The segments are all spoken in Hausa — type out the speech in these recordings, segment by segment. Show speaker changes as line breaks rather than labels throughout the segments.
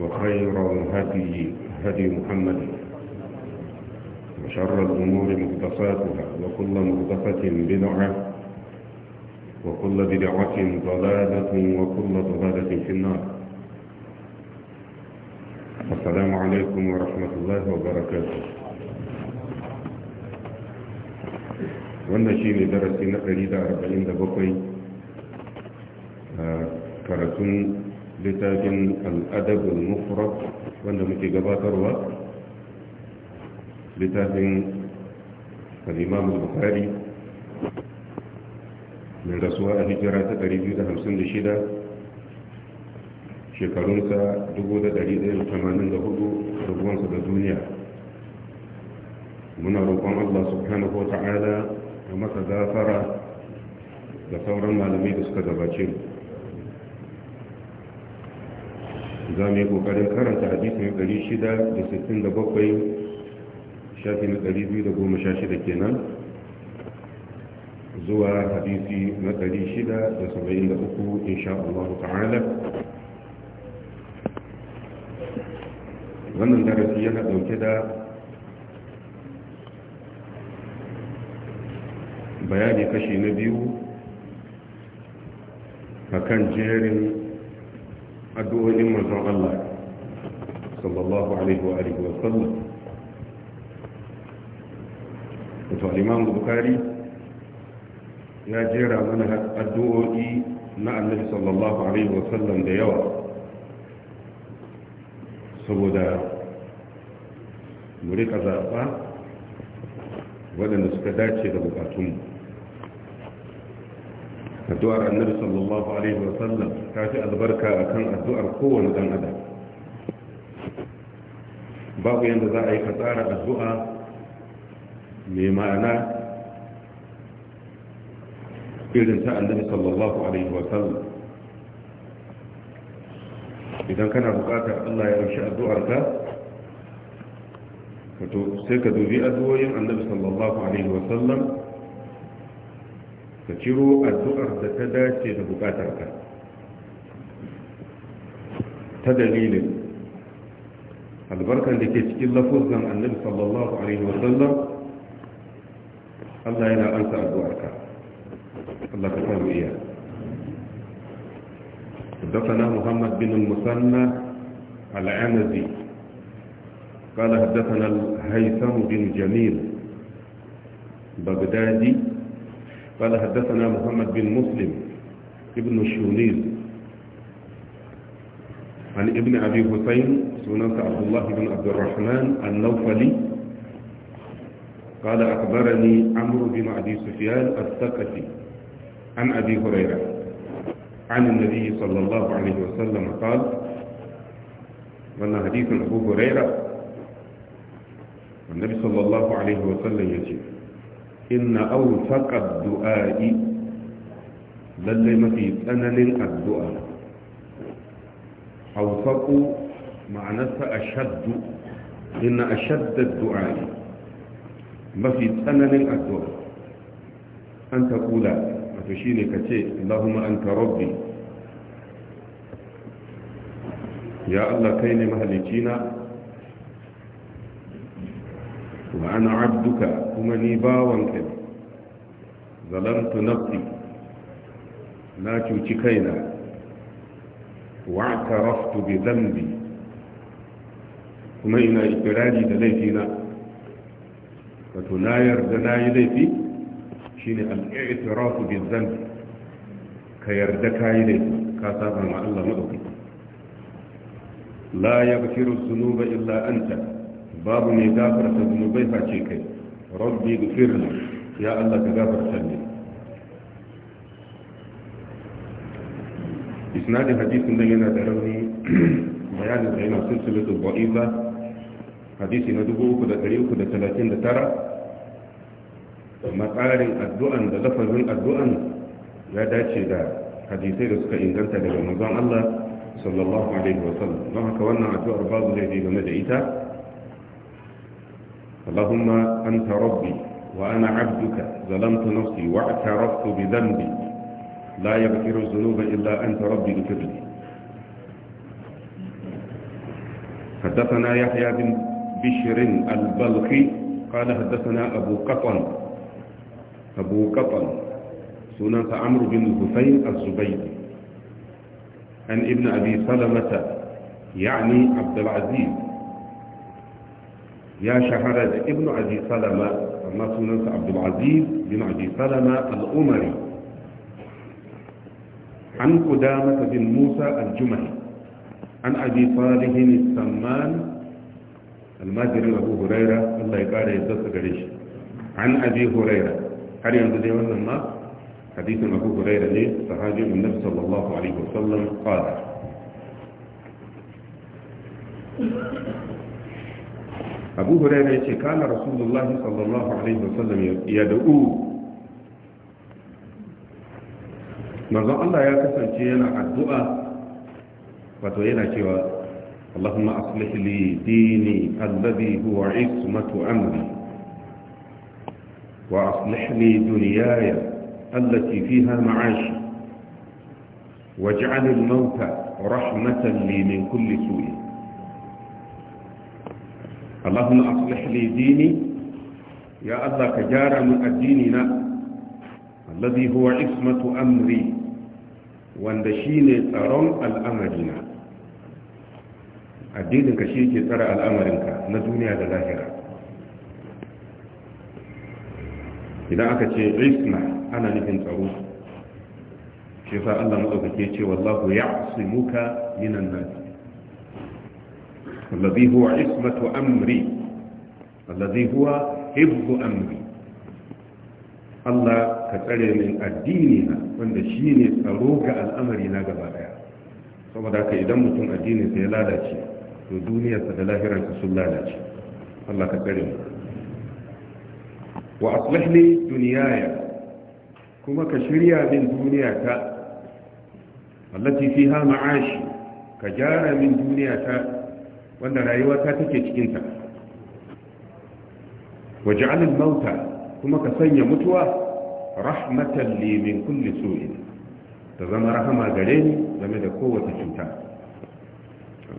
وخير الهدي هدي محمد وشر الأمور مهدفاتها وكل مهدفة بدعة وكل بدعة ضلالة وكل ضلالة في النار السلام عليكم ورحمة الله وبركاته wannan shi ne darasi na 147 littafin al'adabul mufrad wanda muke gabatarwa littafin al'imam bukari mai rasuwa a hijira ta 256 shekarunsa 1184 rubuwansa da duniya muna roƙon allah subhanahu wa ta'ala a masa gafara da sauran malamai da suka gabace mu za mu yi kokarin karanta hadisin 667 shafin 216 kenan zuwa hadisi na 673 insha Allah ta'ala wannan darasi yana dauke da bayani kashi na biyu a kan jerin addu'o'in manzon Allah sallallahu alaihi wa alihi wa sallam to al-Imam Bukhari ya jera mana addu'o'i na Annabi sallallahu alaihi wa sallam da yawa saboda mu rika zaɓa waɗanda suka dace da bukatunmu addu'ar annabi sallallahu alaihi wa sallam ta ce albarka akan addu'ar kowane dan adam babu yanda za a yi ka tsara addu'a mai ma'ana irin ta annabi sallallahu alaihi wa sallam idan kana bukatar Allah ya rushe addu'arka wato sai ka dubi addu'o'in annabi sallallahu alaihi wa sallam ka ciro addu'ar da ta dace da bukatarka ta dalilin albarkar da ke cikin lafuzan annabi sallallahu alaihi wasallam Allah yana ansa addu'arka Allah ka samu iya حدثنا محمد بن المثنى العنزي قال حدثنا الهيثم بن جميل بغدادي قال حدثنا محمد بن مسلم ابن الشونيز عن ابن أبي حسين سنة عبد الله بن عبد الرحمن النوفلي قال أخبرني عمرو بن أبي سفيان الثقفي عن أبي هريرة عن النبي صلى الله عليه وسلم قال وأن حديث أبو هريرة النبي صلى الله عليه وسلم يجيب إن أوفق الدعاء للي ما في أنن الدعاء أوفق معنى أشد إن أشد الدعاء ما في أنن الدعاء أن تقول تشيني كتير اللهم أنت ربي يا الله كيني مهلكينا wa ana abduka kuma ni bawanka ne zalamtu nafsi na cuci kaina wa taraftu bi dhanbi kuma ina ikirari da laifina wato na yarda na yi laifi shine al-i'tirafu bi dhanbi ka yarda ka yi laifi ka saba ma Allah madaukaki la yaghfiru dhunuba illa anta babu mai gafarta zunubai face kai rabbi gfirli ya Allah ka gafarta ne isnadin hadisin nan yana da rauni bayanin da yana silsilatu ba'iza hadisi na 3339 matsarin addu'an da lafazin addu'an ya dace da hadisai da suka inganta daga manzon Allah sallallahu alaihi wasallam don haka wannan addu'ar babu zai game da ita اللهم أنت ربي وأنا عبدك ظلمت نفسي واعترفت بذنبي لا يغفر الذنوب إلا أنت ربي اغفر لي حدثنا يحيى بن بشر البلخي قال حدثنا أبو قطن أبو قطن سنة عمرو بن الحسين الزبيدي عن ابن أبي سلمة يعني عبد العزيز يا شهر ابن عدي سلمة ما سننسى عبد العزيز بن عدي سلمة الأمري عن قدامة بن موسى الجمعي عن أبي صالح السمان المجري أبو هريرة الله يقال يدس قريش عن أبي هريرة هل ينزل يوم ما حديث أبو هريرة لي صحابي النبي صلى الله عليه وسلم قال abu huraira yace kana rasulullah sallallahu alaihi wasallam ya da'u manzon Allah ya kasance yana addu'a wato yana cewa Allahumma aslih li dini alladhi huwa ismatu amri wa aslih li dunyaya allati fiha ma'ashi waj'al al-mauta rahmatan li min kulli su'in Allahumma aslih li dini ya Allah ka gyara min addini na allazi huwa ismatu amri wanda shine tsaron al'amarina addinin shi ke tsara al'amarinka na duniya da lahira idan aka ce isma ana nufin tsaro shi sa Allah maɗaukake ce wallahu ya muka minan nasi الذي هو عصمة أمري الذي هو حفظ أمري الله كتري من الديننا وأن شيني الأمر saboda haka idan mutum addinin sa ya lalace to duniyarsa da lahirarsa sun lalace Allah ka tsare mu kuma ka shirya min duniyata ma'ashi ka jara min duniyata wanda rayuwa ta take cikinta waje alin mauta kuma ka sanya mutuwa rahmatan limin kulli su'in ta zama rahama gare ni game da kowace cuta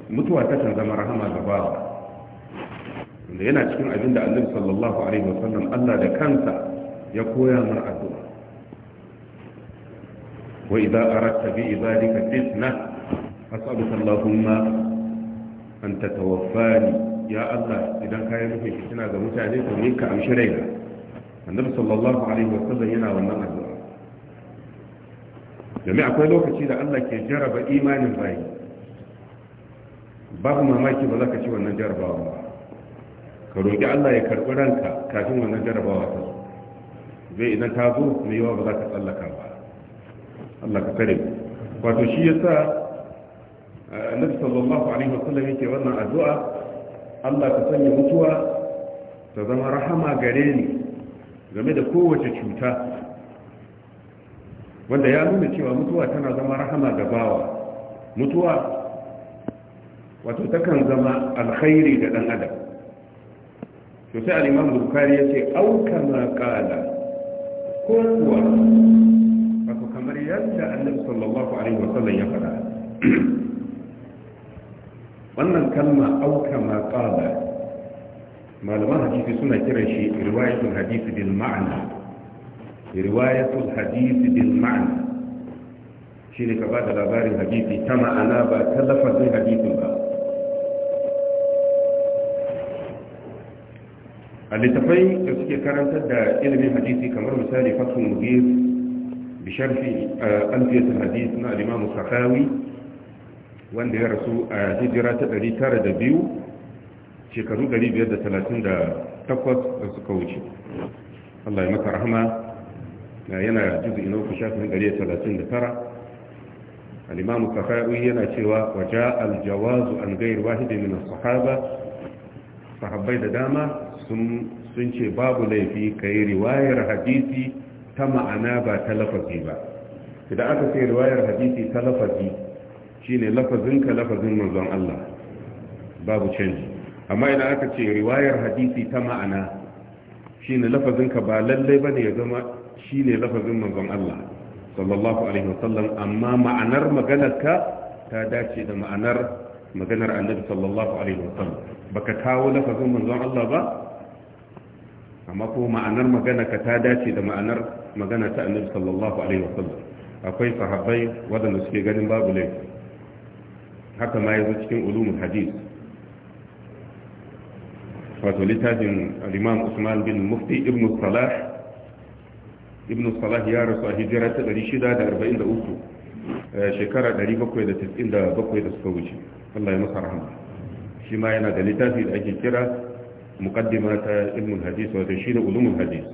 mutuwa ta can zama rahama gabawa. wanda yana cikin abin da sallallahu alaihi wasallam Allah da kansa ya koya mana addu'a wa idza aradta bi ibadika fitna as'aluka allahumma an tatawaffani ya Allah idan kayan nufin fitina ga mutane to ni ka amshi raina annabi sallallahu alaihi wasallam yana wannan addu'a domin akwai lokaci da Allah ke jaraba imanin bayi babu mamaki ba za ka ci wannan jarabawa ba ka roƙi Allah ya karɓi ranka kafin wannan jarabawa ta zai idan ta zo mai yawa ba za ka tsallaka ba Allah ka kare wato shi yasa annabi sallallahu alaihi wasallam yake wannan addu'a Allah ka sanya mutuwa ta zama rahama gare ni game da kowace cuta wanda ya nuna cewa mutuwa tana zama rahama ga bawa mutuwa wato takan zama alkhairi ga dan adam to sai al-imam bukhari yace au kama qala ko kuwa wato kamar yadda annabi sallallahu alaihi wasallam ya faɗa wannan kalma auka ma qala malaman hadisi suna kiran shi riwayatul hadisi bil ma'na riwayatul hadisi bil ma'ana shine ka bada labarin hadisi ta ma'ana ba ta lafazin hadisi ba a littafai da suke karantar da ilimin hadisi kamar misali fasul mugir bi sharhi alfiyatul hadis na al-imam wanda ya rasu a hijira ta 902 shekaru 538 da suka wuce Allah ya maka rahama yana juzu ina ku shafin 139 al-imamu kafa'i yana cewa waja al-jawazu an ghayr wahidin min as-sahaba sahabbai da dama sun ce babu laifi ka yi riwayar hadisi ta ma'ana ba ta lafazi ba idan aka ce riwayar hadisi ta lafazi shine lafazinka lafazin manzon Allah babu canji amma idan aka ce riwayar hadisi ta ma'ana shine lafazinka ba lallai bane ya zama shine lafazin manzon Allah sallallahu alaihi wasallam amma ma'anar maganarka ta dace da ma'anar maganar annabi sallallahu alaihi wasallam baka kawo lafazin manzon Allah ba amma ko ma'anar maganarka ta dace da ma'anar magana ta annabi sallallahu alaihi wasallam akwai sahabbai wadanda suke ganin babu laifi haka ma yazo cikin ulumul hadis wato littafin al-imam Usman bin Mufti ibn Salah ibn Salah ya rasu a hijira ta 643 shekara 797 da suka wuce Allah ya masa rahama shi ma yana da littafi da ake kira muqaddima ta ilmul hadis wato shi ne ulumul hadis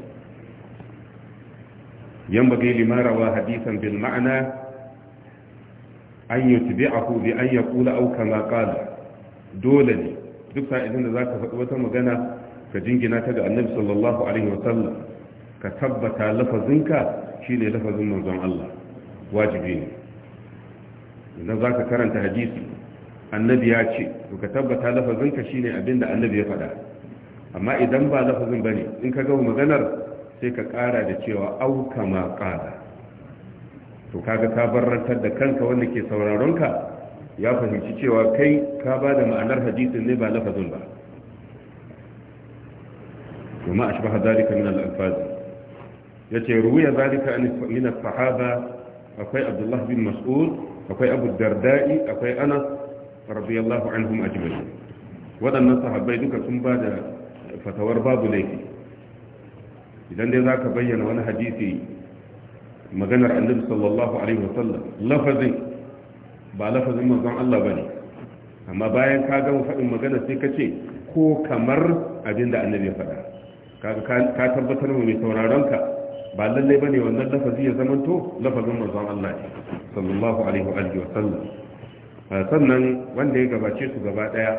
ينبغي لما روى bil بالمعنى an yi tubi a hudu an ya kula aukan kala dole ne duk sa'idin da za ka faɗi wata magana ka jingina ta ga annabi sallallahu alaihi wasallam ka tabbata lafazinka shine ne lafazin manzon Allah wajibi ne idan za ka karanta hadisi annabi ya ce to ka tabbata lafazinka shine ne abinda annabi ya faɗa amma idan ba lafazin ba ne in ka gama maganar sai ka ƙara da cewa auka ma ƙara to kaga ka barrantar da kanka wanda ke sauraronka ya fahimci cewa kai ka ba da ma'anar hadisin ne ba lafazin ba kuma a shabaha zalika min al-alfazi yace ruwiya zalika min as-sahaba akwai abdullahi bin mas'ud akwai abu darda'i akwai anas radiyallahu anhum ajma'in waɗannan sahabbai duka sun ba da fatawar babu laifi idan dai zaka bayyana wani hadisi maganar annabi sallallahu alaihi wasallam lafazin ba lafazin manzon Allah bane amma bayan ka gama faɗin magana sai ka ce ko kamar abinda annabi ya faɗa kaga ka tabbatar mu mai sauraron ka ba lalle bane wannan lafazi ya zamanto lafazin manzon Allah ne sallallahu alaihi wa sallam. sannan wanda ya gabace su gaba daya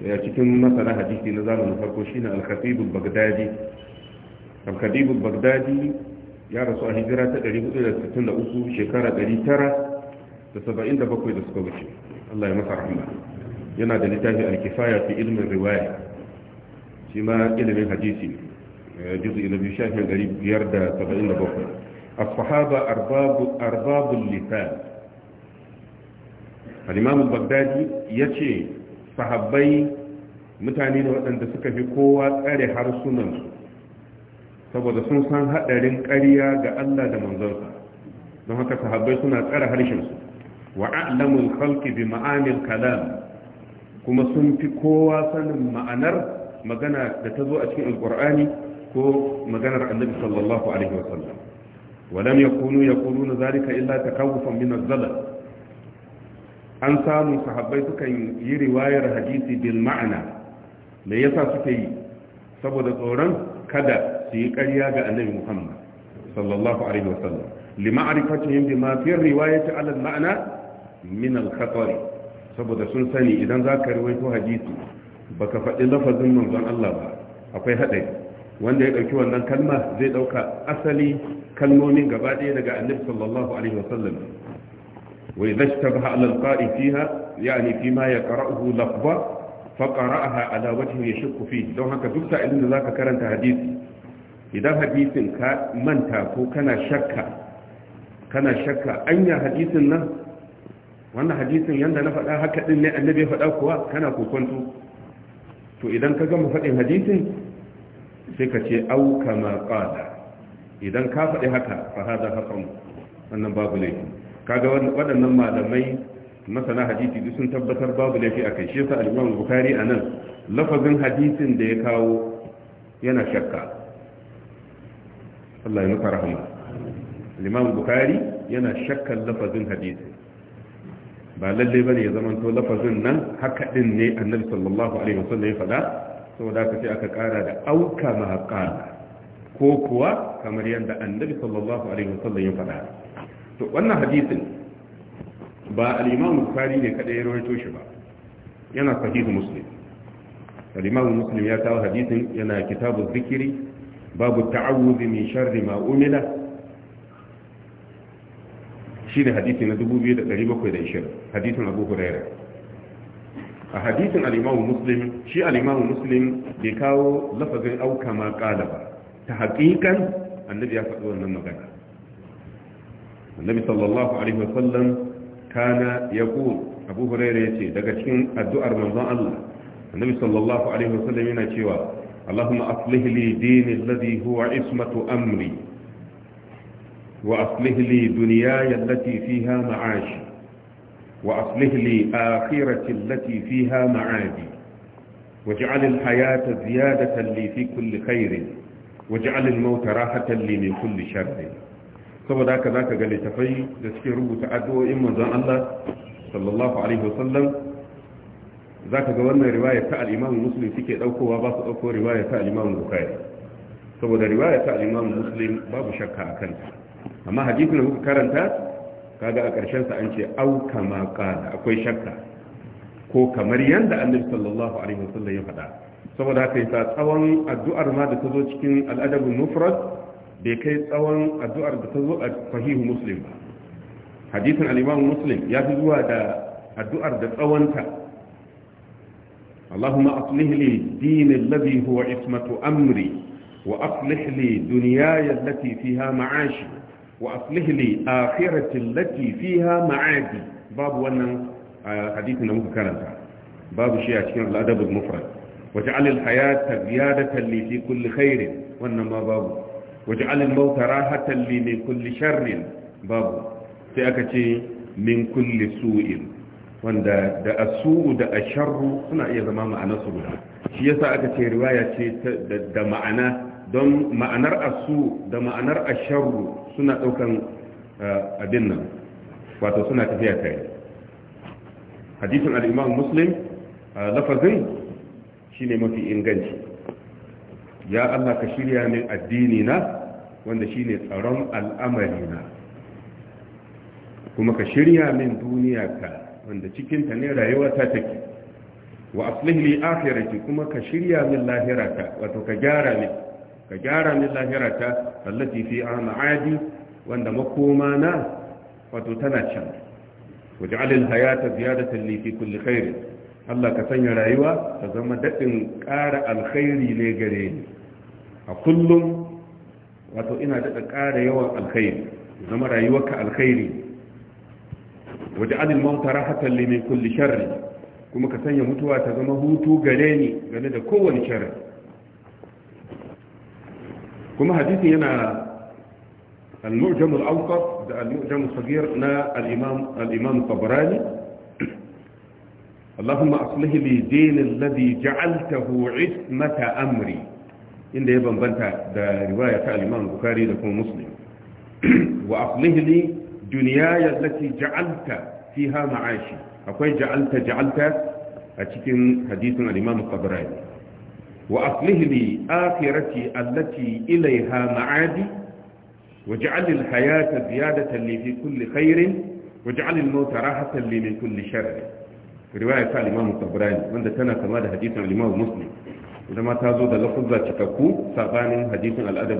ya cikin masana hadisi na zamanin farko shine al-khatib al-baghdadi al-khatib al-baghdadi ya rasu a hijira ta 463 shekara 977 da suka wuce Allah ya masa rahama yana da littafi alkifaya kifaya fi ilmin riwaya shi ma ilimin hadisi eh, juz'i na biyu shafin 577 as-sahaba arbabu arbabul lisan al-imam al ya ce sahabbai mutane da waɗanda suka fi kowa tsare harsunansu saboda sun san haɗarin karya ga Allah da manzonsa don haka sahabbai suna tsara harshen su wa a'lamul khalqi bi ma'anil kalam kuma sun fi kowa sanin ma'anar magana da ta zo a cikin alqur'ani ko maganar annabi sallallahu alaihi wasallam ولم يكونوا يقولون ذلك إلا تخوفا من الزلل an samu sahabbai sukan yi riwayar hadisi bil ma'ana me yasa suke yi saboda tsoron kada su yi ƙarya ga annabi muhammad sallallahu alaihi wasallam lima'arifatihim bima fi riwayati ala al-ma'na min al-khatar saboda sun sani idan zaka riwayo hadisi baka faɗi lafazin manzon Allah ba akwai haɗari wanda ya ɗauki wannan kalma zai ɗauka asali kalmomin gaba ɗaya daga annabi sallallahu alaihi wasallam
وإذا اشتبه على القارئ فيها يعني فيما يقرأه لفظة
فقرأها على وجه يشك فيه لو هكا دكتا إذن ذاك karanta hadisi. idan hadisin ka manta ko kana shakka kana shakka anya hadisin nan wannan hadisin yanda na faɗa haka din ne annabi ya faɗa kuwa kana kokonto to idan ka gama faɗin hadisin sai ka ce au kama qala idan ka faɗi haka fa hada hasan wannan babu laifi kaga waɗannan malamai masana hadisi duk sun tabbatar babu laifi a kai shi sa al-Imam Bukhari anan lafazin hadisin da ya kawo yana shakka Allah ya nufa rahama Imam Bukhari yana shakkan lafazin hadisi ba lalle bane ya zama to lafazin nan haka din ne Annabi sallallahu alaihi wasallam ya faɗa saboda aka ce aka ƙara da auka mahaqala ko kuwa kamar yadda Annabi sallallahu alaihi wasallam ya faɗa to wannan hadisin ba al-Imam Bukhari ne kada ya rawaito shi ba yana sahihu Muslim al-Imam Muslim ya kawo hadisin yana kitabu zikiri babu ta'awuzi min sharri ma umila shine hadisi na 2720 hadisin Abu Hurairah a hadisin al-Imam Muslim shi al-Imam Muslim bai kawo lafazin auka ma kala ba ta haƙiƙan annabi ya faɗi wannan magana
annabi sallallahu alaihi wasallam kana yaqul Abu Hurairah yace daga cikin addu'ar manzon Allah annabi sallallahu alaihi wasallam yana cewa اللهم
أصلح لي ديني الذي هو عصمة أمري وأصلح لي دنياي التي فيها معاشي وأصلح لي آخرتي التي فيها معادي واجعل الحياة زيادة لي في كل خير واجعل الموت راحة لي من كل شر saboda haka zaka ga littafai da suke rubuta addu'o'in manzon Allah sallallahu alaihi wasallam za ka ga wannan riwaya ta al'imamu musulun suke ɗaukowa ba su ɗauko riwaya ta al'imamu bukari saboda riwaya ta al'imamu musulun babu shakka a kanta amma hadisin da kuka karanta kaga a ƙarshen sa an ce au kama ƙada akwai shakka ko kamar yadda annabi sallallahu alaihi wasallam ya faɗa saboda haka yasa tsawon addu'ar ma da ta zo cikin al-adabul mufrad bai kai tsawon addu'ar da ta zo a sahihu muslim ba hadisin al muslim ya fi zuwa da addu'ar da tsawonta اللهم أصلح لي الدين الذي هو عصمة أمري وأصلح لي دنياي التي فيها معاشي وأصلح لي آخرة التي فيها معادي باب وانا حديثنا مكرمة باب شيء أشكال الأدب المفرد واجعل الحياة زيادة لي في كل خير وانا ما باب واجعل الموت راحة لي من كل شر باب سيأكتي من كل سوء wanda da asu da asharru suna iya zama ma'anarsu guda shi yasa aka ce riwaya ce da ma'ana don ma'anar asu da ma'anar asharru suna daukan eh, abin nan wato suna tafiya kai hadisin al-imam muslim eh, lafazin shine mafi inganci ya Allah ka shirya min addini na wanda shine tsaron al'amari na kuma ka shirya min duniya ka wanda cikinta ne rayuwata ta take wa aslih li akhirati kuma ka shirya min lahirata wato ka gyara min ka gyara min lahirata allati fi ma'adi wanda makoma na wato tana can waj'al al hayata ziyadatan li fi kulli khair Allah ka sanya rayuwa ta zama dadin ƙara alkhairi ne gare ni a kullum wato ina daɗa ƙara yawan alkhairi zama rayuwarka alkhairi وجعل الموت راحة لمن كل شر كما كسن يموتوا تزمهوتوا غريني غني ده كل شر كما حديثي هنا المعجم الأوقف ده المعجم الصغير نا الإمام الإمام الطبراني اللهم أصله لي دين الذي جعلته عثمة أمري إن ده يبن بنتا ده رواية الإمام البخاري لكم مسلم وأصله لي duniyaya allati ja'alta ha ma'ashi akwai ja'alta ja'alta a cikin hadisin al-imam wa aflihili li akhirati ilai ha ma'adi wa al-hayata ziyadatan li fi kulli khairin wa al mota rahatan li min kulli riwaya ta al-imam wanda tana kama da hadisin al-imam muslim zama ta zo da lafuzza cikakku sabanin hadisin al-adab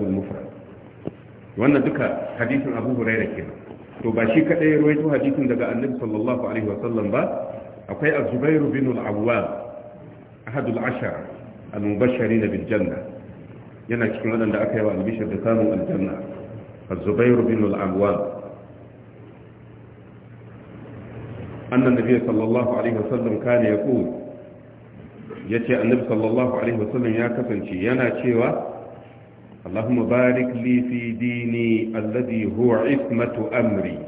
wannan duka hadisin abu hurairah kenan to ba shi kadai ya rawaito hadisin daga annabi sallallahu alaihi wasallam ba akwai az-zubair bin al-awwal ahad al-ashar al-mubashirin bil janna yana cikin wadanda aka yi wa albishir da samun aljanna az-zubair bin al-awwal anna nabiy sallallahu alaihi wasallam kana yaqul yace annabi sallallahu alaihi wasallam ya kasance yana cewa اللهم بارك لي في ديني الذي هو عصمة أمري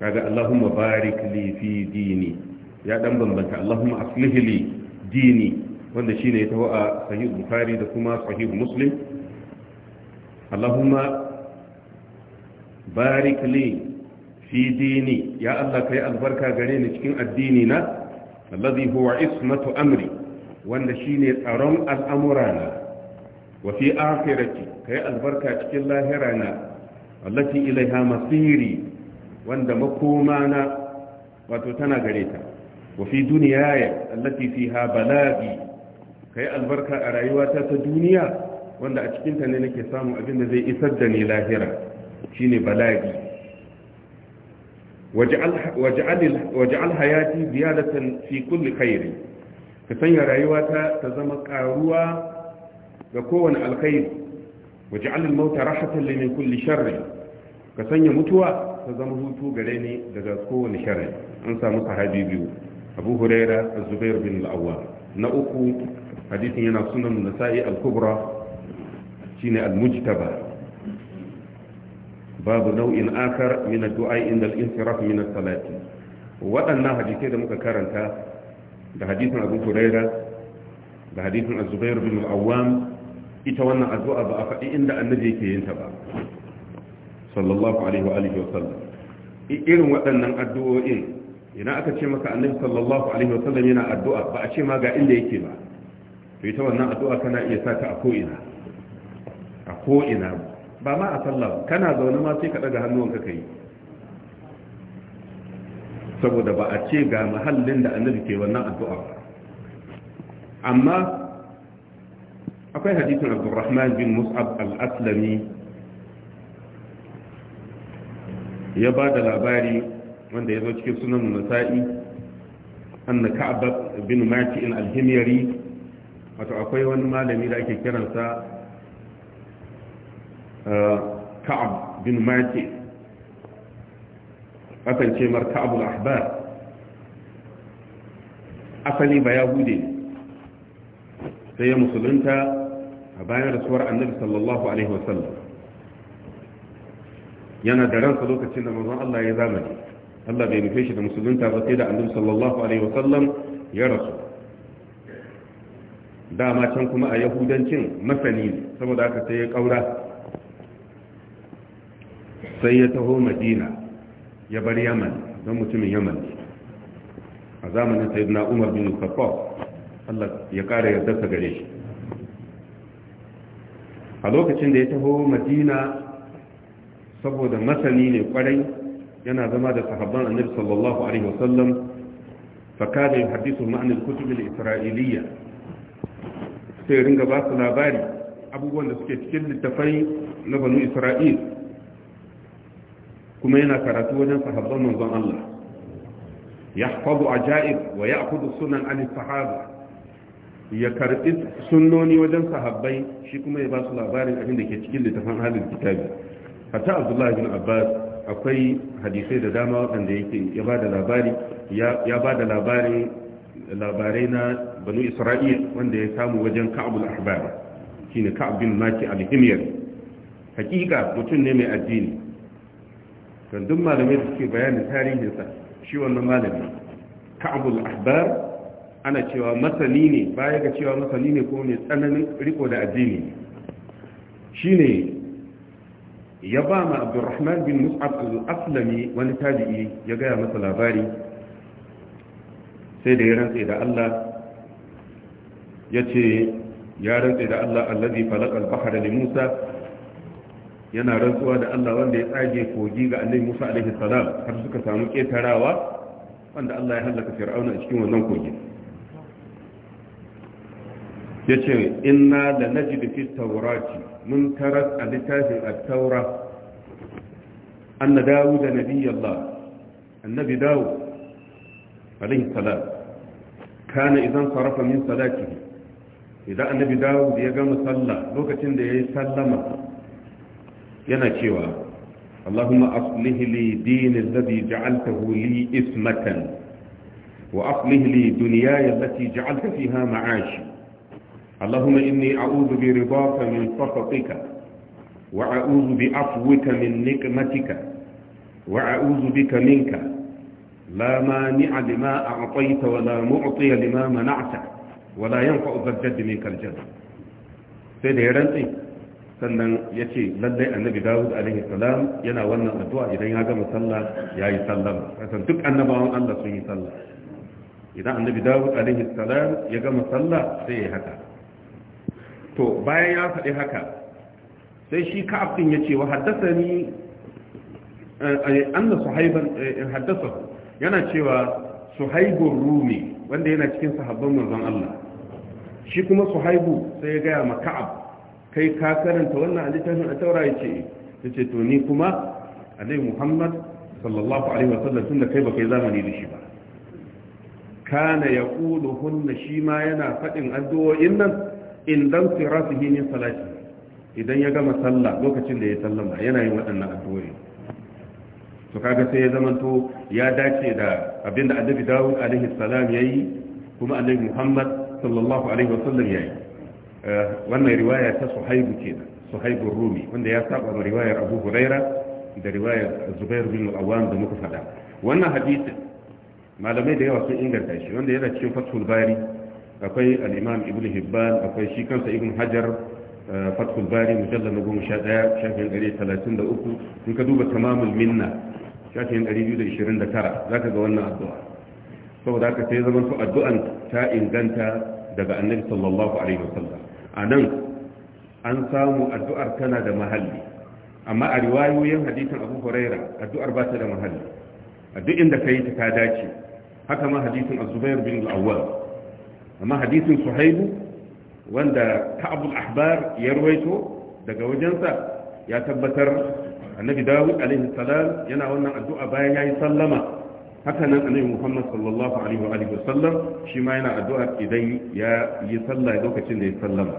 هذا اللهم بارك لي في ديني يا دم اللهم أصلح لي ديني wanda shi ne ya a sahih bukhari da kuma sahih muslim allahumma barik fi dini ya allah kai albarka gare ni cikin addini na allazi huwa amri wanda shi ne tsaron al'amurana wa fi ka yi albarka cikin lahira na allati ilaiha masiri wanda makoma na wato tana gare ta wa fi duniyaya allati fiha balagi yi albarka a rayuwata ta duniya wanda a cikinta ne nake samun abin da zai isar da ni lahira shine balagi waj'al hayati ziyadatan fi kulli khairi ka sanya rayuwata ta zama karuwa ga kowane alkhairi waje alin mauta rahatan li min kulli sharri ka sanya mutuwa ta zama hutu gare ni daga kowane sharri an samu sahabi biyu abu huraira zubair bin al na uku hadisin yana sunan nasa'i al-kubra shine al-mujtaba babu nau'in akar min ad-du'a inda al-insiraf min as-salati waɗannan hadisai da muka karanta da hadisin abu huraira da hadisin az-zubair bin al-awwam ita wannan addu'a ba a faɗi inda annabi yake yin ta ba sallallahu alaihi wa alihi wa sallam irin waɗannan addu'o'in ina aka ce maka annabi sallallahu alaihi wa sallam yana addu'a ba a ce ma ga inda yake ba to ita wannan addu'a kana iya sa ta a ko ina a ko ina ba ma a sallah kana zaune ma sai ka daga hannuwanka yi. saboda ba a ce ga mahallin da annabi ke wannan addu'a ba. amma akwai hadisin abdurrahman bin mus'ab al-aslami ya ba da labari wanda ya zo cikin sunan nasa'i anna ka'abab bin maki'in al-himyari wato akwai wani malami da ake kiransa eh, ka'ab bin maki akan ce mar ka'ab al-ahbar asali ba ya bude sai ya musulunta a bayan rasuwar annabi sallallahu alaihi wasallam yana da ransa lokacin da manzon Allah ya zamani Allah bai nufe shi da musulunta ba sai da annabi sallallahu alaihi wasallam ya rasu dama can kuma a yahudancin masani ne saboda aka sai ya kaura sai ya taho madina ya bar yaman don mutumin yaman ne a zamanin sayyidina umar bin khattab Allah ya kare yarda gare shi a lokacin da ya taho madina saboda masani ne kwarai yana zama da sahabban annabi sallallahu alaihi wasallam fakada yuhaddithu ma'an al-kutub al-isra'iliyya sai ringa ba su labari abubuwan da suke cikin littafai na banu isra'il kuma yana karatu wajen sahabban manzon Allah yahfazu ajaib wa ya'khudhu sunan an sahaba ya karɓi sunnoni wajen sahabbai shi kuma ya ba su labarin abin da ke cikin littafin halin kitabi hatta abdullahi bin abbas akwai hadisai da dama waɗanda yake ya ba da labari ya ba da labarai na banu isra'il wanda ya samu wajen ka'abul ahbar shine ka'ab bin maki alhimiyar hakika mutum ne mai addini kan duk malamai da suke bayanin tarihinsa shi wannan malami ka'abul ahbar ana cewa masani ne baya ga cewa masani ne ko mai tsananin riko da addini shine ya ba ma abdurrahman bin mus'ab al-aslami wani tabi'i ya gaya masa labari sai da ya rantse da Allah ya ce ya rantse da Allah allazi falaqal bahra li Musa yana rantsuwa da Allah wanda ya tsage kogi ga annabi Musa alaihi salam har suka samu ketarawa wanda Allah ya halaka Fir'auna a cikin wannan kogin ya ce inna da najid fi taurati mun taras a littafin at-taura anna dawud nabiyallah annabi dawud alayhi salam kana idan sarafa min salatihi idan annabi dawud ya gama sallah lokacin da yayi sallama yana cewa اللهم أصله لي دين الذي جعلته لي إسمة وأصله لي دنياي التي جعلت فيها معاشي اللهم إني أعوذ برضاك من سخطك وأعوذ بعفوك من نقمتك وأعوذ بك منك لا مانع لما أعطيت ولا معطي لما منعت ولا ينفع ذا الجد منك الجد سيدي يرنتي sannan ya ce lallai annabi dawud alaihi salam yana wannan addu'a idan ya gama sallah ya yi sallah kasan duk annabawan allah sun yi sallah idan annabi dawud alaihi salam ya gama sallah sai ya haka to bayan ya faɗi haka sai shi ka'ab din yace wa ni eh, eh, anna suhayban eh, haddasa yana cewa suhaibu rumi wanda yana cikin sahabban manzon Allah shi kuma suhaibu sai ya gaya ma ka'ab kai ka karanta wannan a littafin a taura yace yace to ni kuma alai muhammad sallallahu alaihi wasallam tunda kai ba kai zamani da shi ba kana yaqulu hunna shi ma yana faɗin addu'o'in nan indan sirasihi hinin salati idan ya gama sallah lokacin da ya sallama yana yin waɗannan addu'o'i to kaga sai ya zamanto ya dace da abinda annabi Dawud alaihi salam yayi kuma annabi Muhammad sallallahu alaihi wasallam yayi eh, wannan riwaya ta Suhaibu kenan Suhaibu Rumi wanda ya saba wa riwayar Abu Huraira da riwayar Zubair bin Al-Awwam da muka faɗa wannan hadisin malamai da yawa sun inganta shi wanda yana cikin Fathul Bari
akwai al ibn hibban akwai shi kansa ibn hajar
uh, fathul bari mujallal na goma sha ɗaya shafin dari talatin da uku in ka duba tamamul minna shafin dari biyu da ishirin da tara za ka ga wannan addu'a saboda haka sai zaman su addu'an ta inganta daga annabi sallallahu alaihi wasallam a nan an samu addu'ar tana da mahalli amma a riwayoyin hadisin abu huraira addu'ar ba ta da mahalli a duk inda ka yi ta dace haka ma hadisin azubair bin al'awwal amma hadisin suhaibu wanda ka'abul ahbar ya ruwaito daga wajensa ya tabbatar annabi dawud alaihi salam yana wannan addu'a bayan yayi sallama haka nan annabi muhammad sallallahu alaihi wa alihi wasallam shi ma yana addu'a idan ya yi sallah lokacin da ya sallama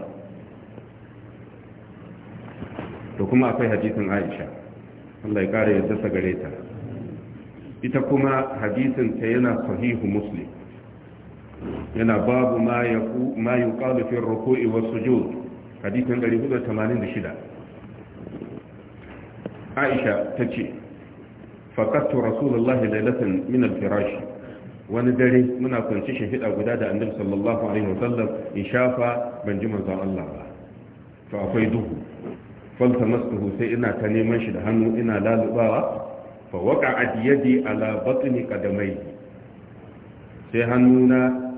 to kuma akwai hadisin aisha Allah ya kare yadda sa ta ita kuma hadisin ta yana sahihu muslim yana babu ma yaku ma yuqalu fi ruku'i was sujud hadisin 486 Aisha tace faqattu rasulullahi laylatan min al-firash wani dare muna kwanci shahida guda da annabi sallallahu alaihi wasallam in shafa ban ji manzon Allah ba to akwai duhu faltamastuhu sai ina ta neman shi da hannu ina lalubawa fa a yadi ala batni qadamai sai hannuna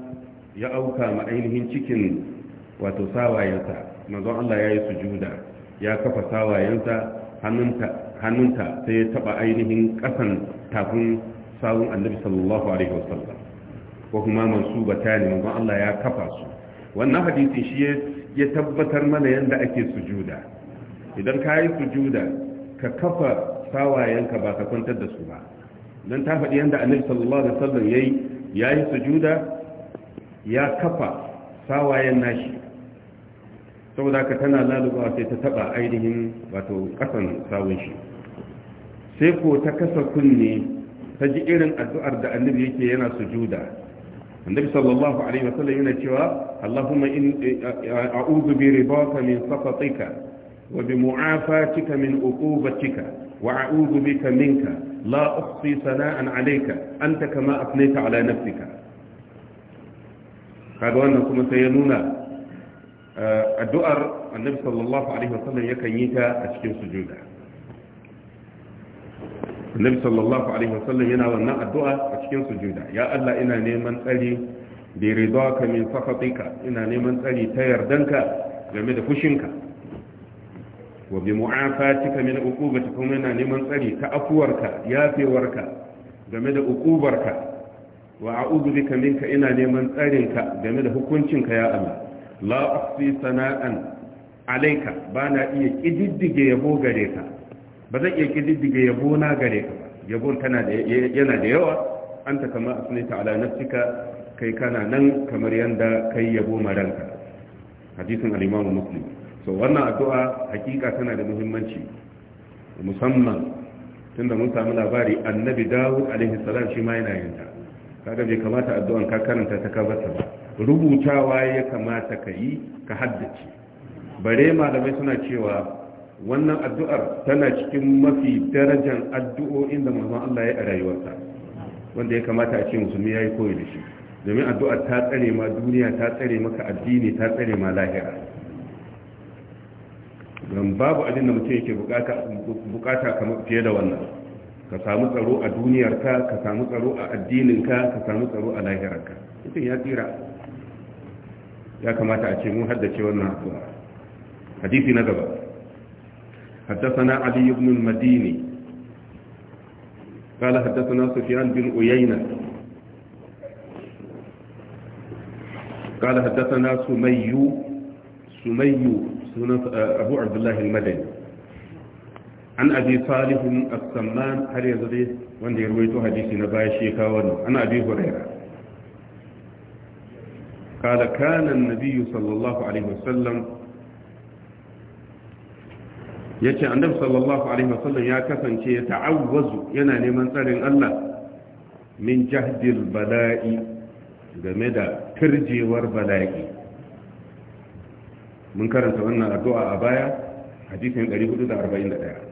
ya auka ma ainihin cikin wato sawayensa manzon Allah ya yi sujuda ya kafa sawayensa hannunta sai ya taba ainihin kasan tafin sawun annabi sallallahu alaihi wasallam ko kuma masu batani, manzon Allah ya kafa su wannan hadisi shi ya tabbatar mana yanda ake sujuda idan ka yi sujuda ka kafa sawayenka ba ka kwantar da su ba dan ta faɗi yanda annabi sallallahu alaihi wasallam yayi yayi sujuda ya kafa sawayen nashi saboda haka tana lalubawa sai ta taba ainihin wato kasan sawun shi sai ko ta kasa kunne ta ji irin addu'ar da annabi yake yana sujuda annabi sallallahu alaihi wasallam yana cewa allahumma in a'udhu bi ridaka min sakatika wa bi mu'afatika min uqubatika wa a'udhu bika minka la uhsi sana'an alayka anta kama afnayta ala nafsika kaga wannan kuma sai ya nuna eh, addu'ar annabi sallallahu alaihi wasallam yakan yi ta a cikin sujuda annabi sallallahu alaihi wasallam yana wannan addu'a a cikin sujuda ya Allah ina neman tsari bi ridaka min sakhatika ina neman tsari ta yardanka game da fushinka wa bi mu'afatika min uqubatika kuma ina neman tsari ta afuwarka yafewarka game da uqubarka wa a'udhu bika minka ina neman tsarinka game da hukuncinka ya Allah la ufi sana'an alayka na iya kididdige yabo gare ka ba zan iya kididdige yabo na gare ka yabo tana da yana da yawa anta kama asnita ala nafsika kai kana nan kamar yanda kai yabo maranka hadisin al-imam muslim so wannan addu'a hakika tana da muhimmanci musamman tunda mun samu labari annabi dawud alaihi salam shi ma yana yin ta kaga bai kamata addu'an ka karanta ta ka bata ba rubutawa ya kamata ka yi ka haddace bare malamai suna cewa wannan addu'ar tana cikin mafi darajar addu'o'in da manzon Allah ya a rayuwarsa wanda ya kamata a ce musulmi yayi koyi da shi domin addu'a ta tsare ma duniya ta tsare maka addini ta tsare ma lahira don babu abin da mutum yake bukata kamar fiye da wannan ka samu tsaro a duniyarka ka samu tsaro a addininka ka samu tsaro a lahirarka mutum ya tsira ya kamata a ce mun haddace wannan addu'a hadisi na gaba حدثنا علي بن المديني قال حدثنا سفيان بن عيينة قال حدثنا سمي سمي أبو عبد الله المدني an abi salihun as har yanzu dai wanda ya ruwaito hadisi na baya shi kawo wannan an abi huraira قال كان النبي صلى الله عليه وسلم yace annabi sallallahu alaihi wasallam ya kasance ya ta'awwazu yana neman tsarin Allah min jahdil bala'i game da turjewar bala'i mun karanta wannan addu'a a baya hadisin 441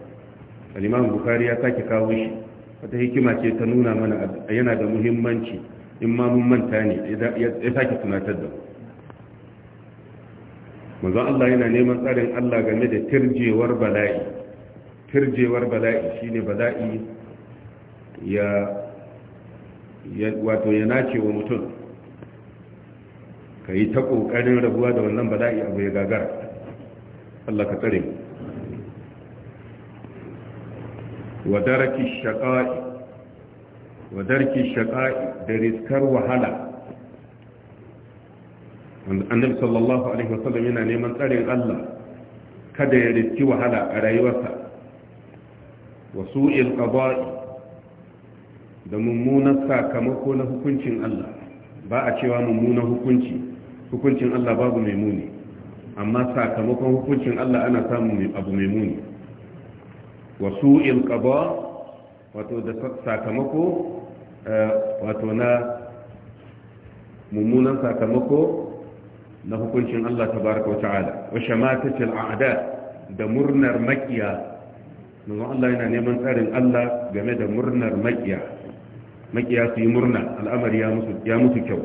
al-imam ya sake kawo shi wata hikima ce ta nuna mana yana da muhimmanci in ma mun manta ne ya sake tunatar da manzon Allah yana neman tsarin Allah game da tirjewar bala'i tirjewar bala'i shine bala'i ya wato ya nace wa mutum ka yi ta ƙoƙarin rabuwa da wannan bala'i abu ya gagara Allah ka tsare mu wa daraki shaqa'i wa darki shaqa'i da riskar wahala annabi sallallahu alaihi wasallam yana neman tsarin Allah kada ya riski wahala a rayuwarsa wa su'il qada'i da mummunan sakamako na hukuncin Allah ba a cewa mummunan hukunci hukuncin Allah babu mai muni amma sakamakon hukuncin Allah ana samun abu mai muni Wasu su'il wato da sakamako eh, wato na mummunan sakamako na hukuncin Allah tabaraka wata'ala wa shamatatil a'da da murnar makiya manzo Allah yana neman tsarin Allah game da murnar makiya makiya su yi murna al'amari ya musu ya musu kyau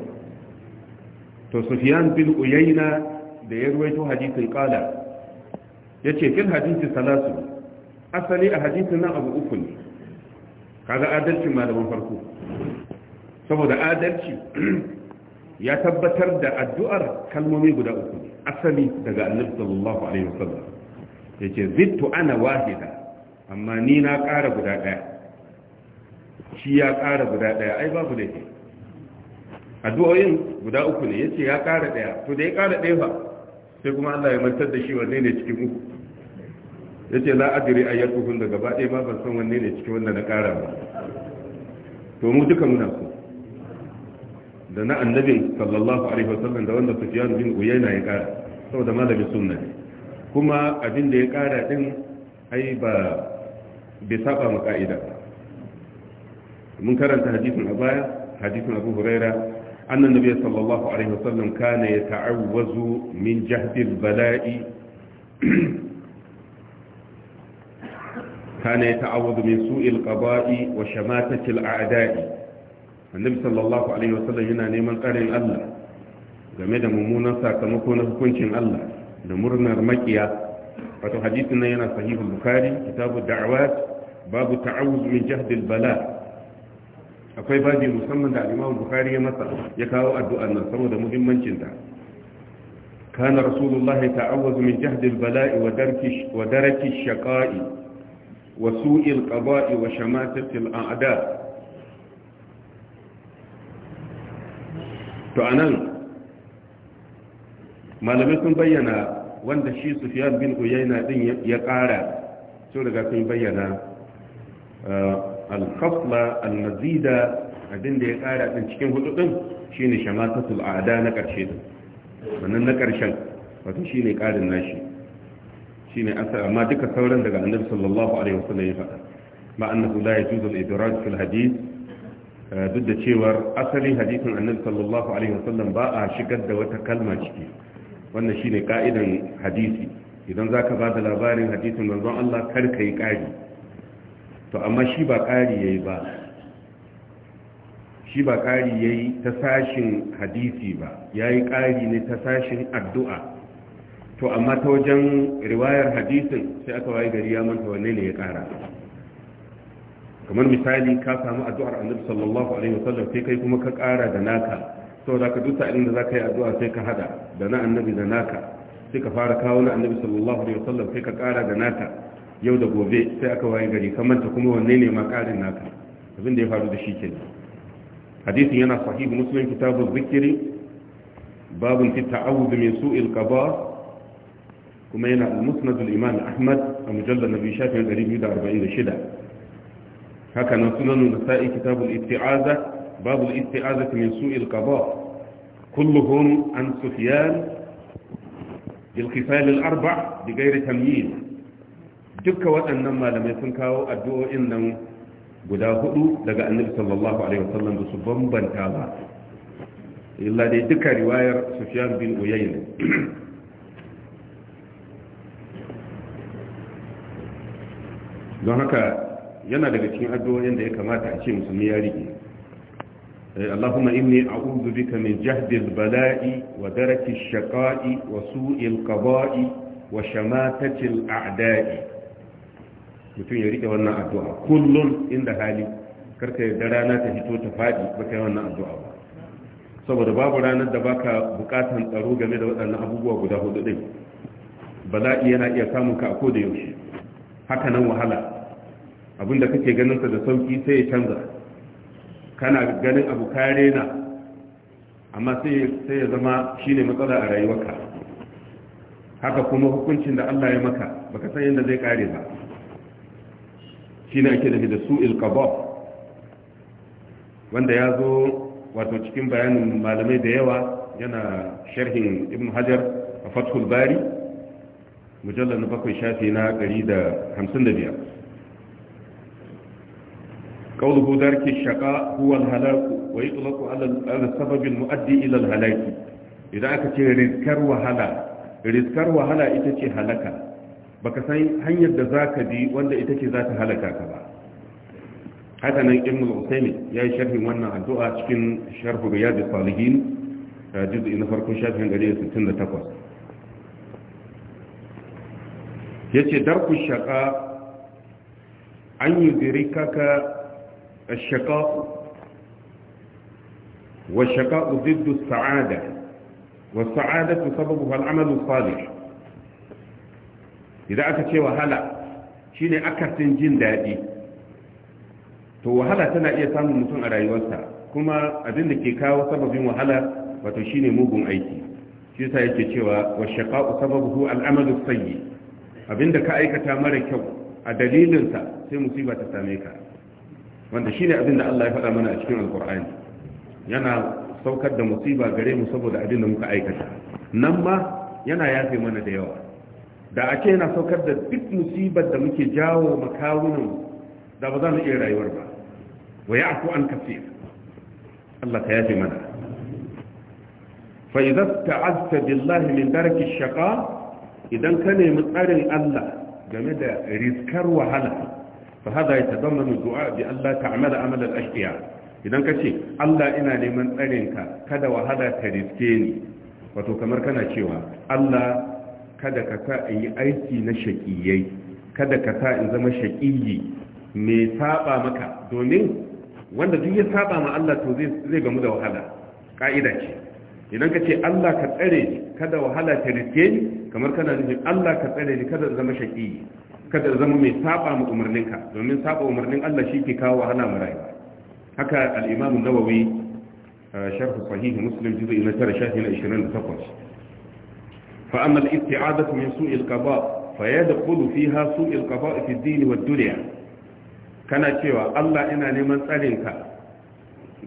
to Sufyan bin Uyayna da ya ruwaito hadisin qala yace fil hadisi salasu asali a hadisin nan abu uku ne kaga adalcin malaman farko saboda adalci ya tabbatar da addu'ar kalmomi guda uku asali daga annabi sallallahu alaihi wasallam yace zittu ana wahida amma ni na ƙara guda ɗaya shi ya ƙara guda ɗaya ai babu da addu'o'in guda uku ne yace ya ƙara ɗaya to da ya ƙara ɗaya ba sai kuma Allah ya mantar da shi wanne ne cikin uku ya ce la adiri a yarkuhun da gaba ɗaya ma ban san wanne ne cikin wanda na ƙara ba to mu duka muna so da na annabin sallallahu alaihi sallam da wanda sufyan bin uyayna ya ƙara saboda malamin sunna ne kuma abin da ya ƙara din ai ba bai saba mu ka'ida mun karanta hadisin a baya hadisin abu huraira أن النبي صلى الله عليه وسلم كان يتعوذ min جهد bala'i. kana ya ta'awudu min su'il qaba'i wa shamatatil a'da'i annabi sallallahu alaihi wasallam yana neman tsarin Allah game da mummunan sakamakon hukuncin Allah da murnar makiya wato hadisin nan yana sahihul bukhari kitabu da'awat babu ta'awuz min jahdil bala akwai babi musamman da al-imam bukhari ya masa ya kawo addu'an nan saboda muhimmancin ta kana rasulullah ta'awuz min jahdil bala'i wa darki wa daraki shaqa'i wa su'il qada'i wa shamatatil a'da to a nan malamai sun bayyana wanda shi su Sufyan bin Uyayna din ya ƙara sun riga sun bayyana uh, al-khafla al-mazida abin da ya ƙara din cikin hudu din shine shamatatul a'da na ƙarshe din wannan na ƙarshen shi ne ƙarin nashi shine asar amma duka sauran daga annabi sallallahu alaihi wasallam ya faɗa ma annahu la yajuzu al-idraj fil hadith eh, duk da cewar asalin hadisin annabi sallallahu alaihi wasallam ba a shigar da wata kalma ciki wannan shine ka'idan hadisi idan zaka bada labarin hadisin manzon Allah kar kai kari to amma shi ba kari yayi ba shi ba kari yayi ta sashin hadisi ba yayi kari ne ta sashin addu'a to amma ta wajen riwayar hadisin sai aka waye gari ya manta wanne ne ya kara kamar misali ka samu addu'ar annabi sallallahu alaihi wasallam sai kai kuma ka kara da naka saboda ka duka inda zaka yi addu'a sai ka hada da na annabi da naka sai ka fara kawo na annabi sallallahu alaihi wasallam sai ka kara da naka yau da gobe sai aka waye gari ka manta kuma wanne ne ma karin naka abin da ya faru da shi kenan hadisin yana sahih muslim kitabu zikiri babun fi ta'awudh min su'il qada kuma yana al-musnad al-imam ahmad a mujallal nabi shafin 246 haka nan sunan nasa'i kitabul isti'aza babul isti'aza min su'il qada kulluhum an sufyan bil qisal al-arba' bighayri tamyiz dukkan waɗannan malamai sun kawo addu'o'in nan guda hudu daga annabi sallallahu alaihi wasallam da su bambanta ba illa dai duka riwayar sufyan bin uyayna don haka yana daga cikin addu'o'in da ya kamata a ce musulmi ya rike eh, Allahumma inni a'udhu bika min jahdi al-bala'i wa daraki ash wa su'i al wa shamatati al mutum ya rike wannan addu'a kullun inda hali karka yarda rana ta fito ta fadi baka wannan addu'a ba saboda babu ranar da baka bukatan tsaro game da waɗannan abubuwa guda hudu din bala'i yana iya samun ka a koda yaushe haka nan wahala abin da kake ganin sa da sauki sai ya canza kana ganin abu kare na amma sai ya zama shine matsala a rayuwarka haka kuma hukuncin da Allah ya maka baka san yadda zai kare ba shine ake nufi da su'il qada wanda ya zo wato cikin bayanin malamai da yawa yana sharhin ibn hajar a fathul bari mujallar na bakwai shafi na 155 قوله ذلك الشقاء هو الهلاك ويطلق على السبب المؤدي الى الهلاك اذا كنت رزكر وهلا رزكر وهلا ايتشي هلكا baka san hanyar da za ka bi wanda ita ce za ta halaka ka ba haka nan ilmul ya yi sharhin wannan addu'a cikin sharhu da yadda salihin jizu ina farkon shafin 168 ya ce darkun shaka an yi zirikaka الشقاء والشقاء ضد السعادة والسعادة سببها العمل الصالح إذا أكتشي وهلا شيني أكتن جن دادي to wahala tana iya samun mutum a rayuwarsa kuma abin da ke kawo sababin wahala wato shine mugun aiki shi yasa yake cewa wa shaqa'u sababuhu al-amalu sayyi abinda ka aikata mara kyau a dalilin sai musiba ta same ka wanda shine abin da Allah ya faɗa mana a cikin alkur'ani yana saukar da musiba gare mu saboda abin da muka aikata nan ma yana yafe mana da yawa da a yana saukar da duk musibar da muke jawo makawunan da ba za mu iya rayuwar ba wa ya afu an kafir Allah ka yafe mana fa idza ta'azza billahi min daraki idan ka nemi tsarin Allah game da riskar wahala fa hada yatadammanu du'a bi Allah ta'mala amal al-ashqiya idan ka ce Allah ina neman tsarinka kada wahala ta riske ni wato kamar kana cewa Allah kada ka sa in yi aiki na shaƙiyai kada ka sa in zama shaƙiyi mai saba maka domin wanda duk ya saba ma Allah to zai gamu da wahala Ƙa'ida ce idan ka ce Allah ka tsare ni kada wahala ta riske ni kamar kana nufin Allah ka tsare ni kada in zama shaƙiyi kada zama mai saba ma umarninka domin saba umarnin Allah shi ke kawo wahala mu rayuwa haka al-Imam Nawawi sharh sahih Muslim juz'i na 9 shafi na 28 fa amma al-isti'adatu min su'il qada fa yadkhulu fiha su'il qada fi ad-din wa ad-dunya kana cewa Allah ina neman tsarin ka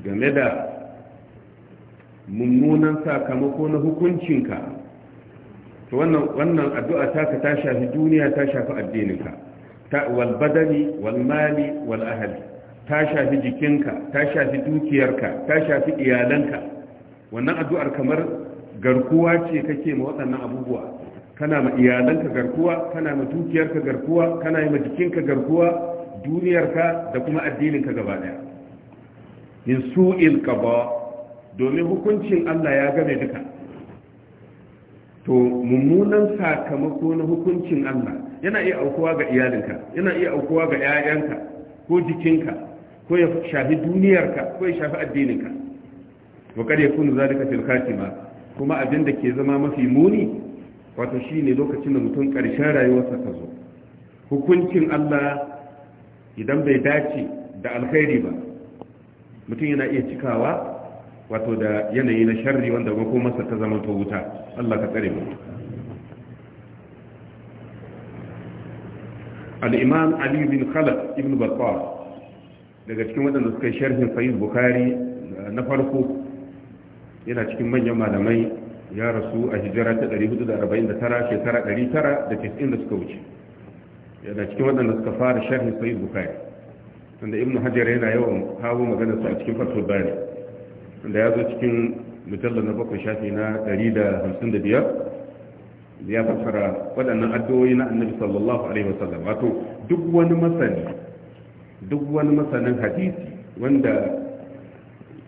game da mummunan sakamako na hukuncinka wannan addu'a ta ta shafi duniya ta shafi addininka ta wal walmali, wal ta shafi jikinka ta shafi dukiyarka ta shafi iyalanka wannan addu'ar kamar garkuwa ce kake ma waɗannan abubuwa kana ma iyalanka garkuwa kana ma dukiyarka garkuwa kana ma jikinka garkuwa duniyarka da kuma addininka gaba daya in su'il domin hukuncin Allah ya game duka to mummunan sakamako na hukuncin Allah yana iya aukuwa ga iyalinka yana iya aukuwa ga 'ya'yanka ko jikinka ko ya shafi duniyarka ko ya shafi addininka wa ya kunu zalika fil khatima kuma abin da ke zama mafi muni wato shine lokacin da mutum karshen rayuwarsa ta zo hukuncin Allah idan bai dace da alkhairi ba mutum yana iya cikawa wato da yanayi na sharri wanda makomarsa ta zama ta wuta Allah ka tsare mu al-imam Ali bin Khalaf ibn barqa daga cikin waɗanda suka yi sharhin sahih Bukhari na farko yana cikin manyan malamai ya rasu a hijira ta 449 shekara 990 da suka wuce yana cikin waɗanda suka fara sharhin sahih Bukhari wanda Ibn hajjar yana yawan kawo magana su a cikin fatul bayan. wanda ya zo cikin mujallar na bakwai shafi na 155 ya fassara waɗannan addu'o'i na annabi sallallahu alaihi wasallam wato duk wani masani duk wani masanin hadisi wanda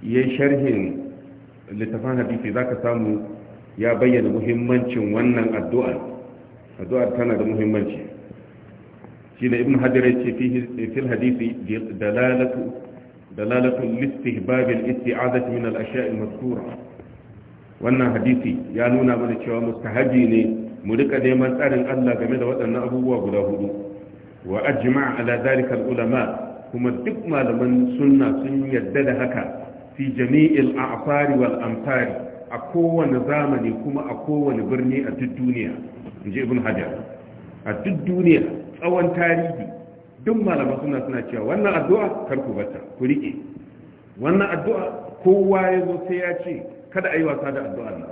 ya sharhin littafan hadisi za ka samu ya bayyana muhimmancin wannan addu'ar addu'ar tana da muhimmanci
shi ne ibn hajjar ya ce fil hadisi dalalatu
da دلالة لاستهباب الاستعادة من الأشياء المذكورة wannan hadisi ya nuna mana cewa mustahabi ne mu rika neman tsarin Allah game da waɗannan abubuwa guda hudu wa ajma' ala zalika ulama kuma duk malaman sunna sun yarda da haka fi jami'il a'fari wal a kowane zamani kuma a kowane birni a duk duniya a duk duniya tsawon tarihi duk malaman suna suna cewa wannan addu'a kar ku bata ku rike wannan addu'a kowa ya zo sai ya ce kada a yi wasa da addu'ar nan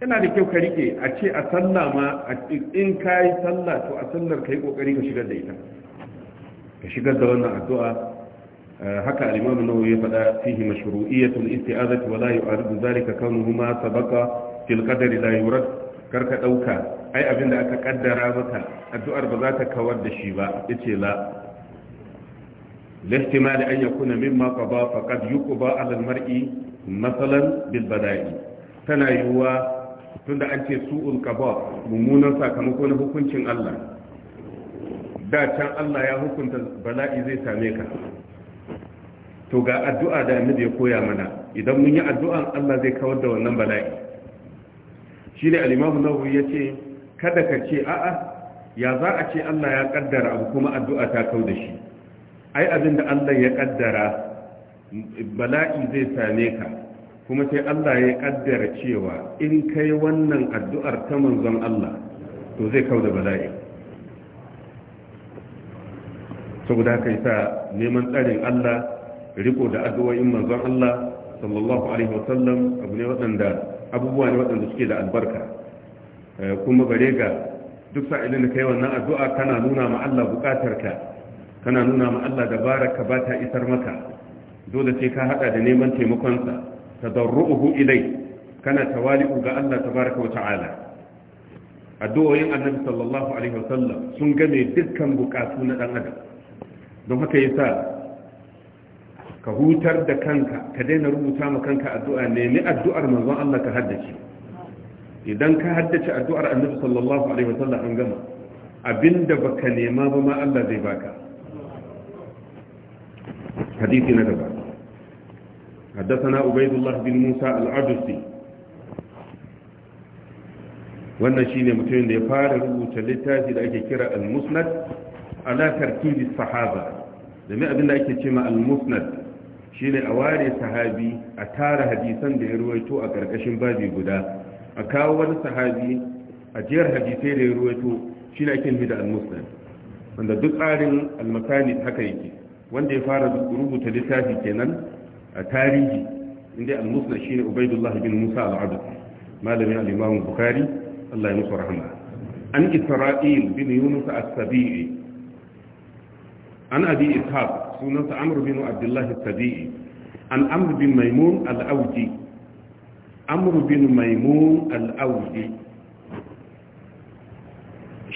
yana da kyau ka rike a ce a sallah ma in ka yi sallah to a sallar ka yi kokari ka shigar da ita ka shigar da wannan addu'a eh, haka al-imam nawawi ya faɗa fihi mashru'iyyatul isti'azati wa la yu'aridu zalika kaunuhuma sabaqa fil qadari la yurad ka dauka ai abin da aka kaddara maka addu'ar ba za ta kawar da shi ba yace la min maka يكون مما قضى فقد يقضى على المرء مثلا بالبدائي tana yiwuwa, tunda an ce su'ul qada mummunan sakamako na hukuncin Allah da can Allah ya hukunta bala'i zai same ka to ga addu'a da annabi ya koya mana idan mun yi addu'an Allah zai kawar da wannan bala'i Shi ne al-Imam ya ce. kada ka ce a'a ya za a ce Allah ya kaddara abu kuma addu'a ta kau da shi ai abin da Allah ya kaddara bala'i zai same ka kuma sai Allah ya kaddara cewa in kai wannan addu'ar ta manzon Allah to zai kau da bala'i
saboda haka sa neman
tsarin Allah riko da addu'o'in manzon Allah sallallahu alaihi wasallam abu ne waɗanda abubuwa ne waɗanda suke da albarka Eh, kuma gare ga duk sa'ilin da kai wannan addu'a kana nuna ma Allah bukatarka kana nuna ma Allah dabararka ba ta isar maka dole sai ka hada da neman taimakonsa tadarruhu ilai kana tawali'u ga Allah tabaraka wa ta'ala addu'o'in annabi sallallahu alaihi wasallam sun game dukkan bukatu na dan adam don haka yasa ka hutar da kanka ka daina rubuta ma kanka addu'a nemi addu'ar manzon Allah ka haddace idan ka haddace addu'ar annabi sallallahu alaihi wasallam an gama abinda baka nema ba ma Allah zai baka hadisi na gaba حدثنا عبيد bin Musa موسى العدسي wannan shine mutumin da ya fara rubuta littafi da ake kira al-musnad ala tarkibi sahaba domin abin da ake cewa al-musnad shine a ware sahabi a tara hadisan da ya ruwaito a ƙarƙashin babi guda a kawo wani sahabi a jiyar hadisai da ya ruwaito shi ne ake da al-muslim wanda duk tsarin al-makani haka yake wanda ya fara rubuta littafi kenan a tarihi inda al-muslim shine ubaidullah bin musa al-abd Malami al-imam bukhari Allah ya musu rahama an isra'il bin yunus as-sabi'i an abi ishaq sunansa amr bin abdullah as-sabi'i an amr bin maimun al-awji amru bin maimun al-awdi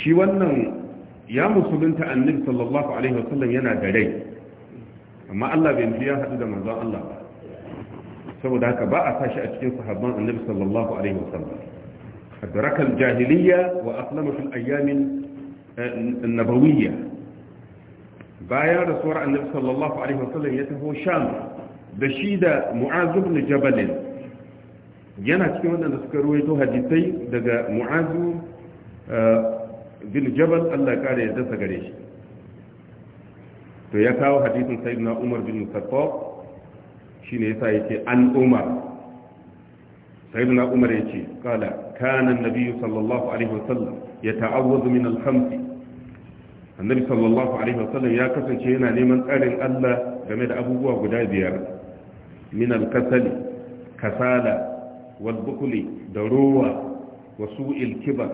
shi wannan ya musulunta annabi sallallahu alaihi wasallam yana da rai amma Allah bai ya haɗu da manzon Allah saboda haka ba a sashi a cikin sahabban annabi sallallahu alaihi wasallam adraka al-jahiliyya wa aslama fil ayyam an-nabawiyya eh, bayan rasuwar annabi sallallahu alaihi wasallam ya taho sham da shi da mu'az ibn jabal yana cikin waɗanda suka ruwaito hadisai daga mu'azu eh, bin jabal Allah kare ya dasa gare shi to ya kawo hadisin sayyidina Umar bin Khattab shine yasa yake an Umar sayyidina Umar yace kala kana an-nabiy sallallahu alaihi wasallam yata'awwadhu min al-khamsi annabi sallallahu alaihi wasallam ya kasance yana neman tsarin Allah game da abubuwa guda biyar min al-kasali kasala walbukuli da rowa wasu ilkibar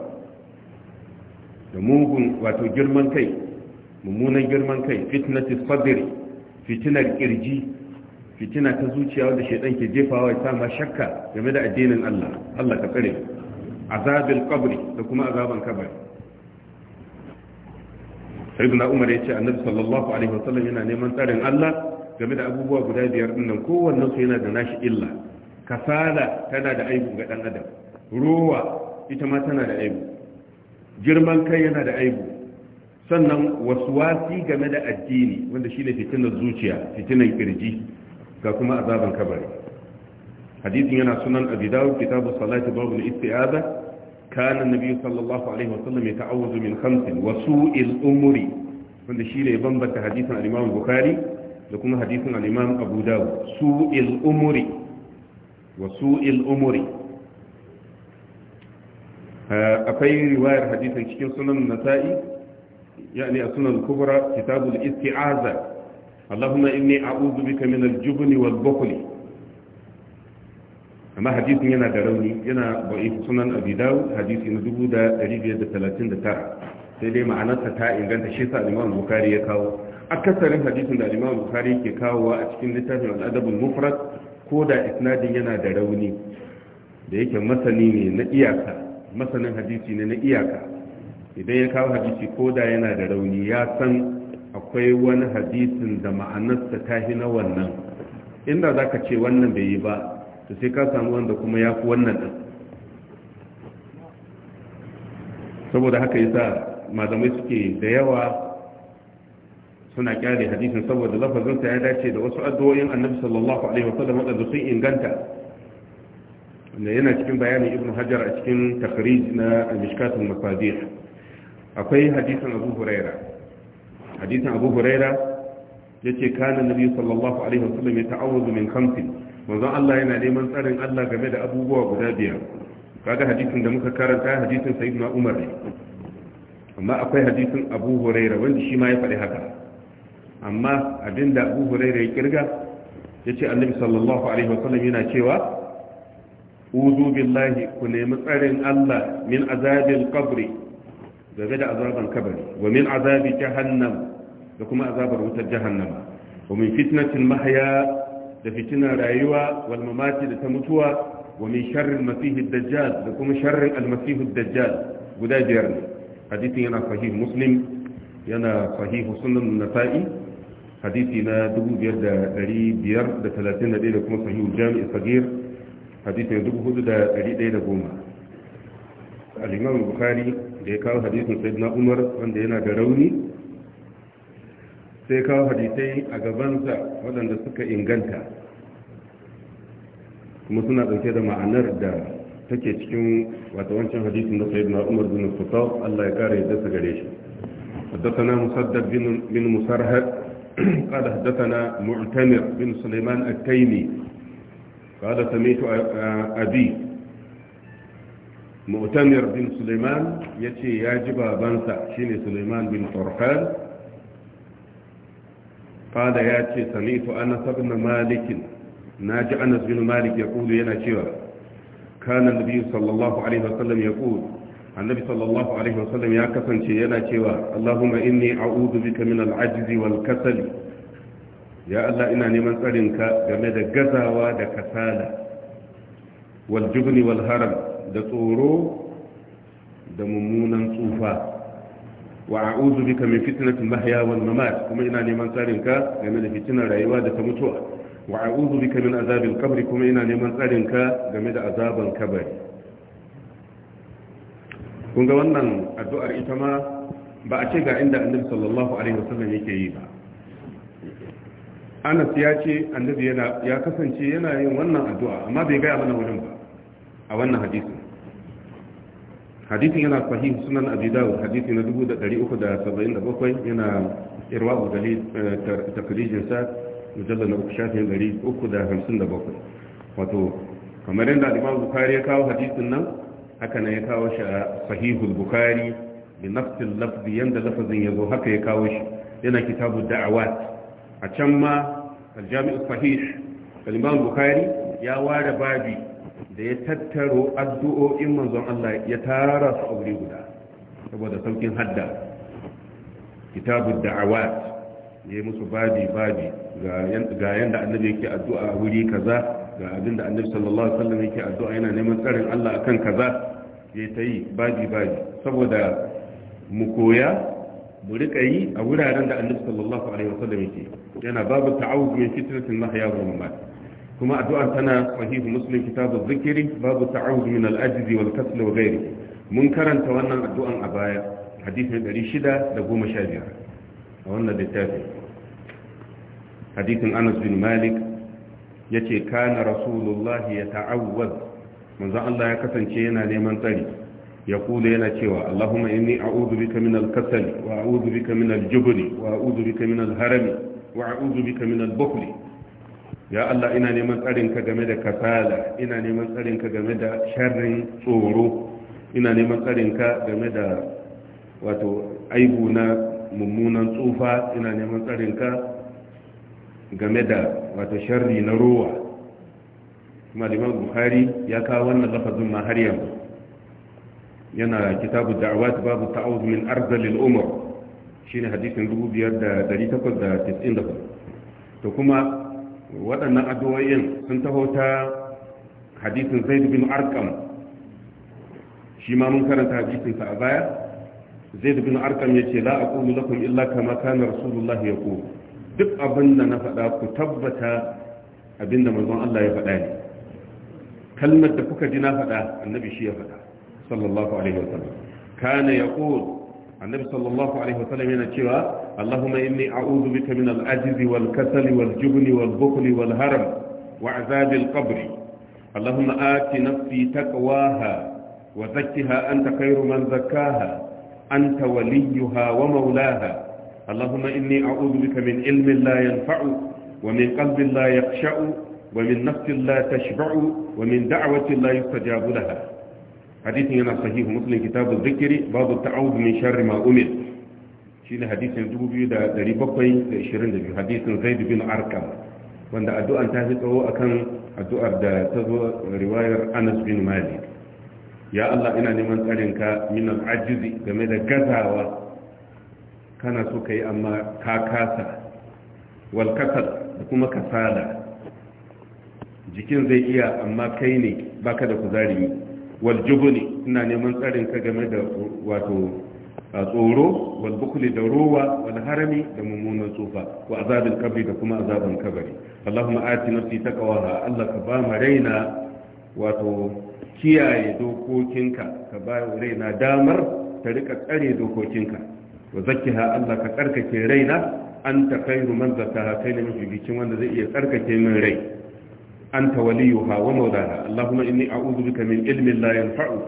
da mugun wato girman kai mummunan girman kai fitnatis fadiri fitinar kirji fitina ta zuciya wanda shaidan ke jefawa ya sama shakka game da addinin Allah Allah ka tsare azabil da kuma azaban kabari sayyidina umar yace annabi sallallahu alaihi yana neman tsarin Allah game da abubuwa guda biyar din nan kowannen su yana da nashi illa kasala tana da aibu ga dan adam ruwa ita ma tana da aibu girman kai yana da aibu sannan wasuwasi game da addini wanda shine fitinar zuciya fitinar kirji ga kuma azaban kabari hadisin yana sunan abi dawud kitabu salati babu al-isti'aza kana nabi sallallahu alaihi wasallam yata'awwazu min khamsin wa su'il umri wanda shine bambanta hadisin al-imam bukhari da kuma hadisin al-imam abu dawud su'il umri Wasu su'il eh, akwai riwayar hadisan cikin sunan nasa'i yani a sunan kubra kitabul isti'aza Allahumma inni a'udhu bika min al wal bukhli amma hadisin yana da rauni yana bai sunan abi hadisi na 2539 sai dai ma'anarsa ta inganta shi sa imam bukari ya kawo akasarin hadisin da imam bukari ke kawowa a cikin littafin al'adabul mufrad ko da isnadin yana da rauni da yake masani ne na iyaka masanin hadisi ne na iyaka idan ya kawo hadisi ko da yana da rauni ya san akwai wani hadisin da ma'anarsa ta na wannan inda za ka ce wannan bai yi ba to sai ka samu wanda kuma ya fi wannan ɗin saboda haka yasa malamai suke da yawa suna kyale hadisin saboda lafazin sa ya dace da wasu addu'o'in annabi sallallahu alaihi wasallam wadanda sun inganta wanda yana cikin bayanin ibnu hajar a cikin takhrij na mishkatul masadih akwai hadisin abu huraira hadisin abu huraira yace kana nabi sallallahu alaihi wasallam ya ta'awudu min khamsin manzon Allah yana neman tsarin Allah game da abubuwa guda biyar kaga hadisin da muka karanta hadisin sayyidina umar ne amma akwai hadisin abu huraira wanda shi ma ya faɗi haka amma abinda abu huraira ya kirga ya ce annabi sallallahu alaihi wasallam yana cewa uzu billahi ku nemi tsarin allah min azabin kabri game da azaban kabari wa min azabi jahannam da kuma azabar wutar jahannama wa min fitnatin mahaya da fitinar rayuwa wal da ta mutuwa wa min sharrin masihid dajjal da kuma sharrin almasihid dajjal guda biyar ne Hadithin yana sahih muslim yana sahih sunan nasa'i hadisi na 5531 da kuma sahihul jami'i sagir hadisi na 4110 al-imam bukhari da ya kawo hadisin sayyidina umar wanda yana da rauni sai kawo hadisai a gabansa waɗanda suka inganta kuma suna ɗauke da ma'anar da take cikin wata wancan hadisin da sayyidina umar bin sultan Allah ya kare yadda gare shi حدثنا مسدد بن مسرهد قال حدثنا معتمر بن سليمان التيمي قال سميت أبي معتمر بن سليمان يتي يجب بنسى شيني سليمان بن طرحان قال ياتي سميت أنس بن مالك ناجي أنس بن مالك يقول ينا شوى كان النبي صلى الله عليه وسلم يقول annabi sallallahu alaihi wasallam ya kasance yana cewa allahumma inni a'udhu bika min al-ajzi wal kasali ya allah ina neman tsarinka game da gazawa da kasala wal jubni wal haram da tsoro da mummunan tsufa wa a'udhu bika min fitnati mahya wal mamat kuma ina neman tsarinka game da fitinar rayuwa da ta mutuwa wa a'udhu bika min azabil qabri kuma ina neman tsarinka game da azaban kabari kun ga wannan addu'ar ita ma ba a ce ga inda annabi sallallahu alaihi wasallam yake yi ba anas ya ce annabi yana ya kasance yana yin wannan addu'a amma bai gaya mana wurin ba a wannan hadisin hadisin yana sahih sunan abi hadisi na 1377 yana irwa'u dalil eh, takrijin sa mujallal na uku 357 wato kamar yadda al-imam bukhari ya kawo hadisin nan haka nan ya kawo shi a sahihul bukari bi nafsin lafzi yanda lafazin ya zo haka ya kawo shi yana kitabu da'awat a can ma aljami'u sahih kalimban bukari ya ware babi da ya tattaro addu'o'in manzon Allah ya tara su aure guda saboda saukin hadda kitabu da'awat ya musu babi babi ga yanda annabi yake addu'a wuri kaza ga abin da annabi sallallahu alaihi wasallam yake addu'a yana neman tsarin Allah akan kaza ya ta yi baji baji saboda mu koya mu rika yi a wuraren da annabi sallallahu alaihi wasallam yake yana babu ta'awuz min fitnatin mahya wa mamat kuma addu'a tana sahih muslim kitabu zikiri babu ta'awuz min al-ajzi wal kasl wa ghairi mun karanta wannan addu'an a baya hadisin 615 a wannan littafin hadisin Anas bin Malik yace kana rasulullah ya ta'awwaz manzo Allah ya kasance yana neman tsari ya kula yana cewa Allahumma inni a'udhu bika min al-kasal wa a'udhu bika min al-jubni wa a'udhu bika min al-harami wa a'udhu bika min al-bukhli ya Allah ina neman tsarinka game da kasala ina neman tsarinka game da sharrin tsoro ina neman tsarinka game da wato aibu na mummunan tsufa ina neman tsarinka game da wata sharri na ruwa malaman liman bukhari ya kawo wannan lafazin ma har yanzu yana kitabu da'awat babu ta'awuz min arzalin umar shine hadisin 5894 to kuma waɗannan addu'o'in sun taho ta hadisin zaid bin arkam shi ma mun karanta hadisin sa a baya zaid bin arqam yace la aqulu lakum illa kama kana rasulullahi yaqulu duk abin da na faɗa ku tabbata abin da manzon Allah ya faɗa ne kalmar da kuka ji na faɗa annabi shi ya faɗa sallallahu alaihi wasallam kana yaqul annabi sallallahu alaihi wasallam yana cewa Allahumma inni a'udhu bika min al-ajzi wal kasali wal jubni wal bukhli wal haram wa azab al-qabri اللهم آت نفسي تقواها وزكها أنت خير من زكاها أنت وليها ومولاها Allahumma inni a'udhu bika min ilmin la yanfa'u wa min qalbin la yakhsha'u wa min nafsin la tashba'u wa min da'watin la yustajabu laha
hadithin yana sahihu muslim kitabu dhikri babu ta'awudh min sharri ma
umir shine hadisin 2722 hadisin Zaid bin Arqam
wanda addu'an ta fi tsawo akan addu'ar da ta riwayar Anas bin mali
ya Allah ina neman tsarinka min al-ajizi game da gazawa kana so ka yi amma ka kasa walkasar da kuma kasala jikin zai iya amma kai ne baka da kuzari ne ina neman tsarin ka game da wato tsoro walbukuli da rowa walharami da mummunan tsufa wa azabin kabri da kuma azabin kabari allahumma ati nafsi taqwaha allah ka ba mu raina wato kiyaye dokokinka ka ba raina damar ta rika tsare dokokinka wa zakkiha Allah ka karkake raina anta khairu man zakkaha kai ne mafi bikin wanda zai iya karkake min rai anta waliyuha wa mawlaha Allahumma inni a'udhu bika min ilmin la yanfa'u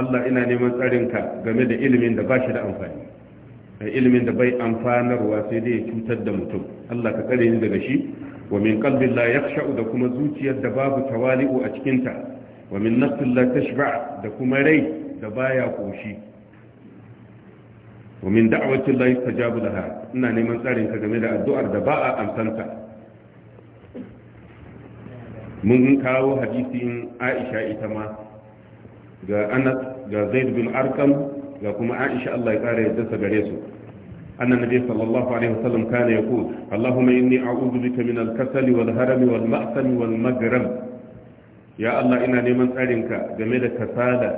Allah ina neman tsarinka game da ilimin da bashi da amfani ilimin da bai amfanarwa sai dai ya cutar da mutum Allah ka tsare ni daga shi wa min qalbin la yakhsha'u da kuma zuciyar da babu tawali'u a cikinta wa min nafsin la tashba' da kuma rai da baya koshi wa min da'awatin la yustajabu laha ina neman tsarin game da addu'ar da ba a amsanta mun kawo hadisin Aisha ita ma ga Anas ga Zaid bin Arqam ga kuma Aisha Allah ya kare sa gare su أن النبي صلى الله عليه وسلم كان يقول اللهم إني أعوذ بك من الكسل والهرم والمأثم والمجرم يا الله إنا نيمان تارينك جميل كسالة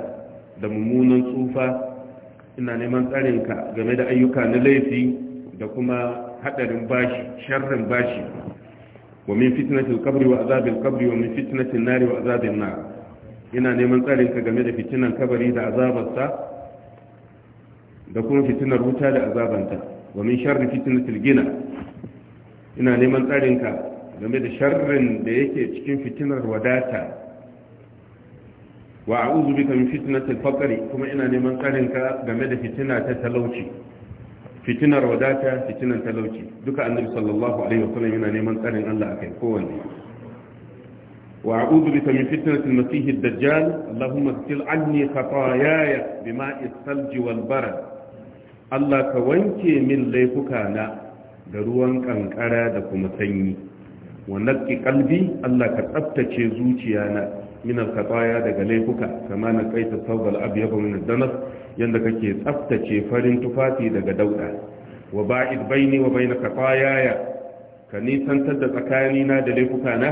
دممون صوفة ina neman tsarinka game da ayyuka na laifi da kuma hadarin bashi sharrin bashi wa min fitnatil qabri wa azabil qabri wa min fitnatin nari wa azabin nar ina neman tsarinka game da fitinan kabari da azabarsa da kuma fitinar wuta da azabanta wa min sharri fitnatil gina ina neman tsarinka game da sharrin da yake cikin fitinar wadata wa a'udhu bika min fitnatil faqri kuma ina neman tsarin ka game da fitina ta talauci fitinar wadata fitinar talauci duka annabi sallallahu alaihi wasallam yana neman tsarin Allah akai kowanne wa a'udhu bika min fitnatil masih ad-dajjal allahumma sil anni khataaya bima'i as-salj wal barad Allah ka wanke min laifuka na da ruwan kankara da kuma sanyi wa naqqi qalbi Allah ka tsaftace zuciya na. min alkhataya daga laifuka kama na kaita saubal abyad min danas yanda kake tsaftace farin tufafi daga dauda wa ba'id baini wa baina khataya ka nisantar da tsakanina da laifuka na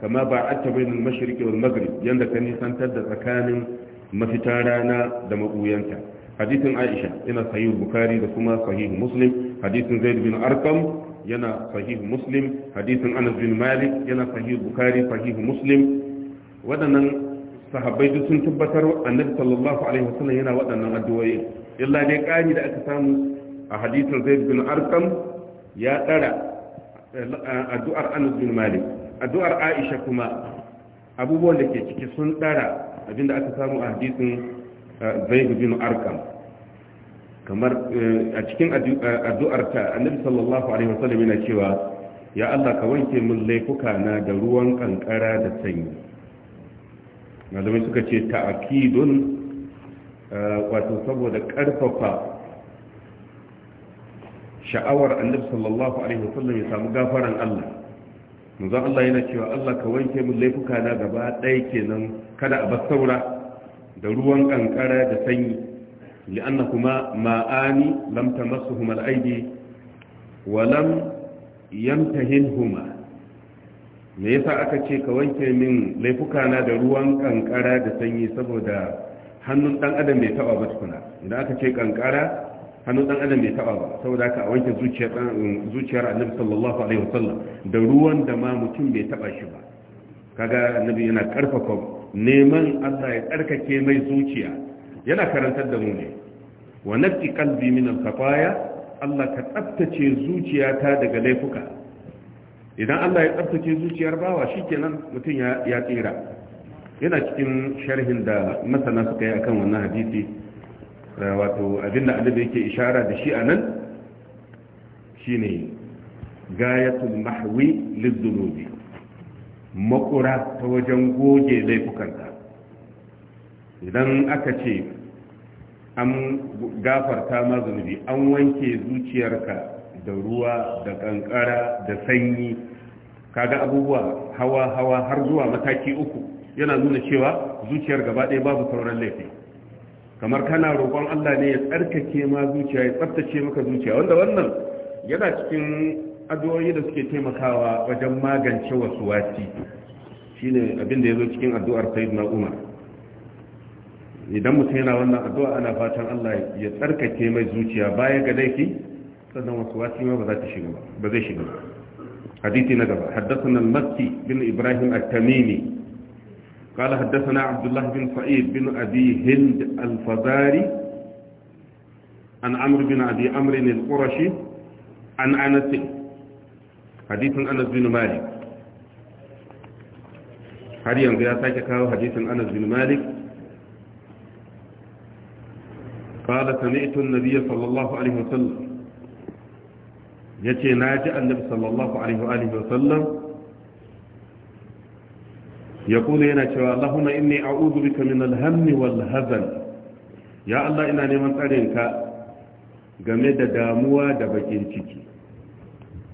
kama ba'adta bainal mashriqi wal maghrib yanda ka nisantar da tsakanin mafita rana da mabuyanta hadisin aisha yana sahih bukhari da kuma sahih muslim hadisin zaid bin arqam yana sahih muslim hadisin anas bin malik yana sahih bukhari sahih muslim waɗannan sahabbai duk sun tabbatar annabi sallallahu alaihi wasallam yana waɗannan addu'o'i illa dai ƙari da aka samu a hadithar zaid bin arqam ya tsara eh, addu'ar anas bin malik addu'ar aisha kuma abubuwan da ke ciki sun tsara abinda aka samu a hadisin
eh, zaid bin arqam kamar eh, a cikin addu'ar ta annabi sallallahu alaihi wasallam yana cewa ya Allah ka wanke
min laifuka na da ruwan kankara da sanyi malamai suka ce ta'akidun eh, wato saboda karfafa
sha'awar annabi
sallallahu alaihi wasallam ya samu gafaran Allah manzo Allah yana cewa Allah ka wanke min laifuka na gaba ɗaya kenan kada a bar saura da ruwan kankara da sanyi li'annahuma ma'ani lam tamassuhuma al-aidi wa lam yamtahinhuma
me yasa aka ce ka wanke min laifukana da ruwan kankara da sanyi saboda hannun dan adam bai taba ba tukuna idan aka ce kankara
hannun dan adam bai taba ba saboda ka wanke zuciyar zuciyar annabi sallallahu alaihi wasallam da ruwan da ma mutum bai taba shi ba kaga annabi yana karfafa neman Allah ya karkake mai zuciya yana karantar da mu ne wa nafsi qalbi min al-khataya Allah ka tsaftace zuciyata daga laifuka idan Allah ya tsabtace zuciyar bawa shi shikenan mutum ya tsira yana cikin sharhin da masana suka yi akan wannan hadisi eh, wato abinda annabi yake ishara da shi anan shine gayatul mahwi lizunubi makura ta wajen goge laifukanta idan aka ce an gafarta ma zunubi an wanke zuciyarka da ruwa da kankara da sanyi kaga abubuwa hawa hawa har zuwa mataki uku yana nuna cewa zuciyar gaba ɗaya babu sauran laifi kamar kana roƙon Allah ne ya tsarkake ma zuciya ya tsaftace maka zuciya wanda wannan yana cikin addu'o'i da suke taimakawa wajen magance wasu wasi shine abin da yazo cikin addu'ar Sayyidina Umar idan mutum yana wannan addu'a ana fatan Allah ya tsarkake mai zuciya baya ga laifi سنة وكواتي ما بذات شغل بذات شغل حديثنا حدثنا المكي بن إبراهيم التميمي قال حدثنا عبد الله بن صعيد بن أبي هند الفزاري عن عمرو بن أبي أمر القرشي عن أنس حديث أنس بن مالك حديث أنس بن مالك حديث أنس بن مالك قال سمعت النبي صلى الله عليه وسلم ya ce na ji annabi sallallahu alaihi wa sallam ya kuna yana cewa allahumma inni a'udhu bika min alhammi wal hazan ya allah ina neman tsarinka game da damuwa da bakin ciki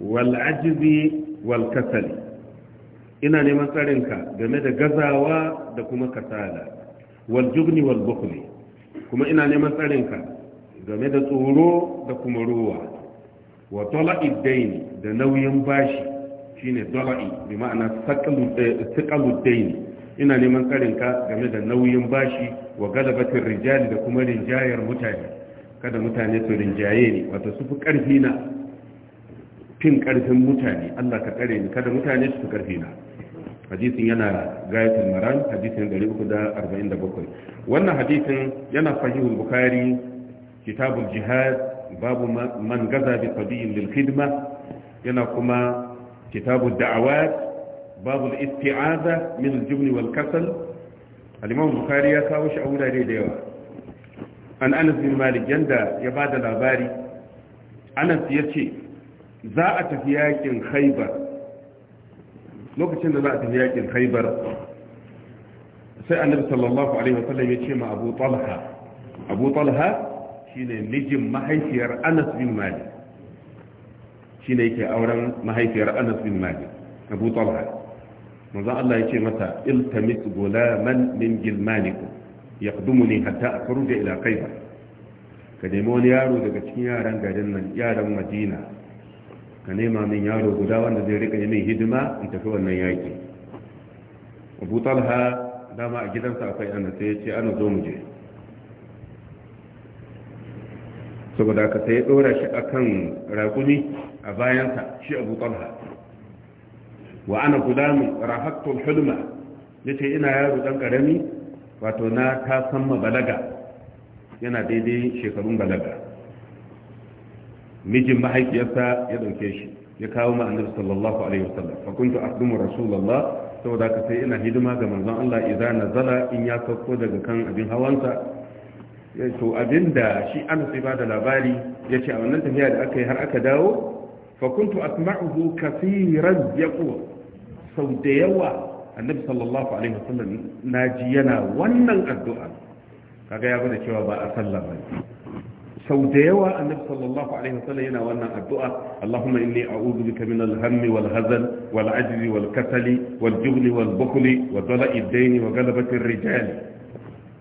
wal ajzi wal kasali ina neman tsarinka game da gazawa da kuma kasala wal jubni wal bukhli kuma ina neman tsarinka game da tsoro da kuma ruwa wa dola'i daini da nauyin bashi shine dola'i bi ma'ana sakalu eh, daini ina neman karinka game da nauyin bashi wa galabatin rijali da kuma rinjayar mutane kada mutane su rinjaye ne wato su fi karfi na fin karfin mutane Allah ka kare ni kada mutane su fi karfi na hadisin yana gayatar maran hadisin 347 wannan hadisin yana sahihul bukhari Kitabun jihad babu man gaza bi sabiyin lil yana kuma kitabu da'awat babu al-isti'aza min al-jubn wal kasal al-imam bukhari ya kawo shi a wurare da yawa an anas bin malik yanda ya bada labari anas ya ce za a tafi yakin khaybar lokacin da za a tafi yakin khaybar sai annabi sallallahu alaihi wa sallam ya ce ma abu talha abu talha shine mijin mahaifiyar Anas bin Malik shine yake auren mahaifiyar Anas bin Malik Abu Talha manzo Allah yake mata iltamis gulaman min gilmaniku yaqdumuni hatta akhruja ila kaifa ka nemi wani yaro daga cikin yaran garin nan yaran Madina ka nema min yaro guda wanda zai rika yin hidima in tafi wannan yaki Abu Talha dama a gidansa akwai annabi sai ya ce ana zo mu je saboda haka sai dora shi akan raƙumi a bayansa shi abu talha wa ana gulamu rahattul hulma yace ina yaro dan karami wato na ta ma balaga yana daidai shekarun balaga mijin mahaifiyarsa ya dauke shi ya kawo ma annabi sallallahu alaihi wasallam fa kuntu akhdumu rasulullah saboda ka sai ina hidima ga manzon Allah idza nazala in ya sauko daga kan abin hawansa to abinda shi anas ya da labari ya ce a wannan tafiya da aka yi har aka dawo fakuntu asma'uhu ya yaqul sau da yawa annabi sallallahu alaihi wasallam ji yana wannan addu'a kaga ya bada cewa ba a sallah ba sau da yawa annabi sallallahu alaihi wasallam yana wannan addu'a Allahumma inni a'udhu bika min al-hammi wal hazan wal ajzi wal kasali wal jubni wal bukhli wa dala'i ad-dayn wa ghalabati ar-rijal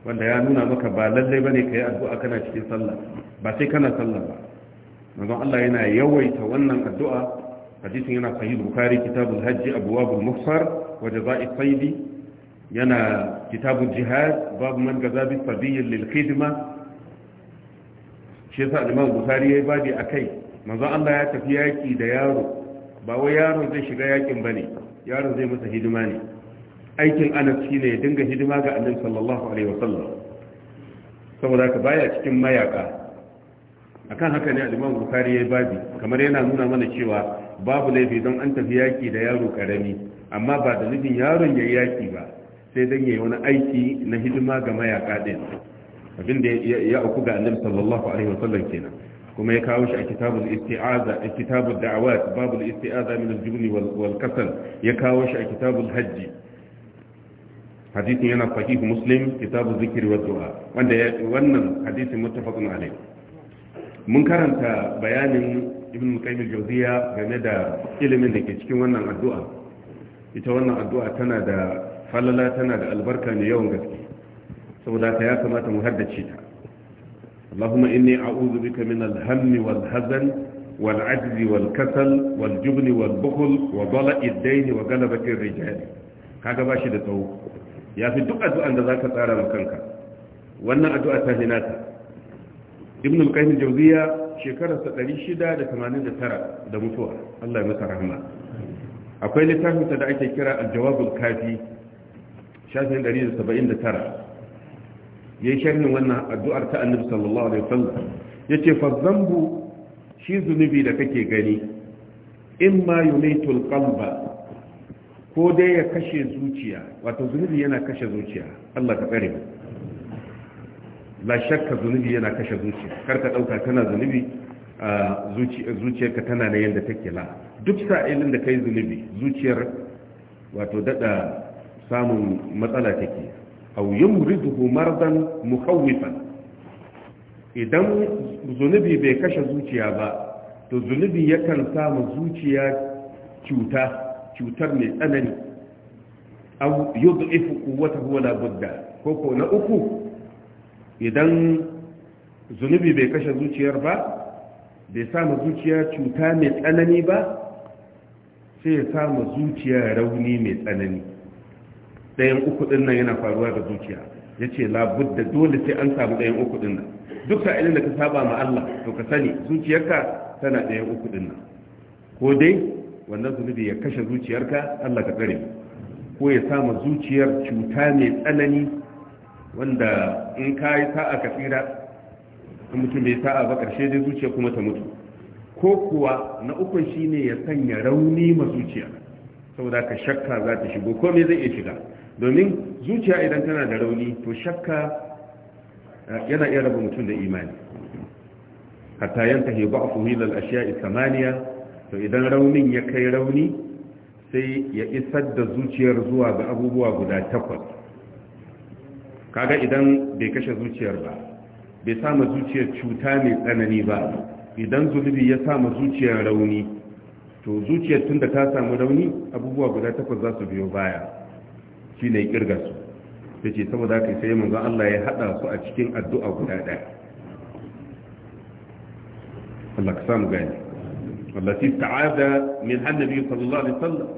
wanda ya nuna maka ba lallai bane kai
addu'a kana cikin sallah ba sai kana sallah ba manzon Allah yana yawaita wannan addu'a hadisin yana sahih bukhari kitabul hajj abwabul muhsar wa jazaa'i sayd yana kitabul jihad babu man gaza bi sabiy lil khidma shi yasa imam bukhari yayi babi akai manzon Allah ya tafi yaki da yaro ba wai yaro zai shiga yakin bane yaro zai masa hidima ne aikin anas ne ya dinga hidima ga annabi sallallahu alaihi wasallam saboda ka baya cikin mayaka akan haka ne al-Imam ya yi babi kamar yana nuna mana cewa babu laifi don an tafi yaki da yaro karami amma ba da nufin yaron yayi yaki ba sai dan yayi wani aiki na hidima ga mayaka din abin da ya auku ga annabi sallallahu alaihi wasallam kenan kuma ya kawo shi a kitabul isti'aza a kitabul da'awat babul isti'aza min al wal kasal ya kawo shi a kitabul hajji hadisin yana sahih muslim kitabu zikiri wa du'a wanda wannan hadisin muttafaqun alayh mun karanta bayanin ibn qayyim al-jawziya game da ilimin da ke cikin wannan addu'a ita wannan addu'a tana da falala tana da albarka ne yawan gaske saboda ta ya kamata mu haddace ta Allahumma inni a'udhu bika min al-hammi wal hazan والعجز والكسل والجبن والبخل وضلع الدين وغلبة الرجال هذا باشي da تو ya fi duk addu'an da za ka tsara wa kanka wannan addu'a ta hinata ibn al-qayyim jawziya shekararsa 689 da mutuwa Allah ya masa rahma akwai littafin da ake kira al-jawabul kafi shafin 179 yayin sharhin wannan addu'ar ta annabi sallallahu alaihi wasallam yace fa zambu shi zunubi da kake gani imma yunitul qalba ko dai ya kashe zuciya wato zunubi yana kashe zuciya Allah ka tsare mu la shakka zunubi yana kashe zuciya kar ka dauka kana zunubi zuciyarka tana na yadda take la duk sa'ilin da kai zunubi zuciyar wato dada samun matsala take aw yumriduhu mardan mukhawifan idan zunubi bai kashe zuciya ba to zunubi yakan samu zuciya cuta cutar mai tsanani aw yud'ifu quwwatahu wala budda ko ko na uku idan zunubi bai kashe zuciyar ba bai samu zuciya cuta mai tsanani ba sai ya samu zuciya rauni mai tsanani ɗayan uku din nan yana faruwa da zuciya ya ce labudda dole sai an samu ɗayan uku din nan duk da ka saba ma Allah to ka sani zuciyarka tana ɗayan uku din nan ko dai wannan zunubi ya kashe zuciyarka Allah ka tsare ko ya sama zuciyar cuta mai tsanani wanda in ka yi sa'a ka tsira in mutum bai sa'a ba karshe dai zuciya kuma ta mutu ko kuwa na ukun shine ya sanya rauni ma zuciya saboda ka shakka za ta shigo ko me zai iya shiga domin zuciya idan tana da rauni to shakka eh, yana iya raba mutum da imani hatta yantahi ba'fu hilal ashiya'i samaniya to idan raunin ya kai rauni sai ya isar da zuciyar zuwa ga abubuwa guda takwas kaga idan bai kashe zuciyar ba bai sama zuciyar cuta mai tsanani ba idan zunubi ya sama zuciyar rauni to zuciyar tun da ta samu rauni abubuwa guda takwas za su biyo baya shi ne kirga su Ta ce saboda haka sai manzan Allah ya haɗa su a cikin addu'a guda ɗaya Allah ka samu gani allati ta'ada min hannabi sallallahu alaihi wasallam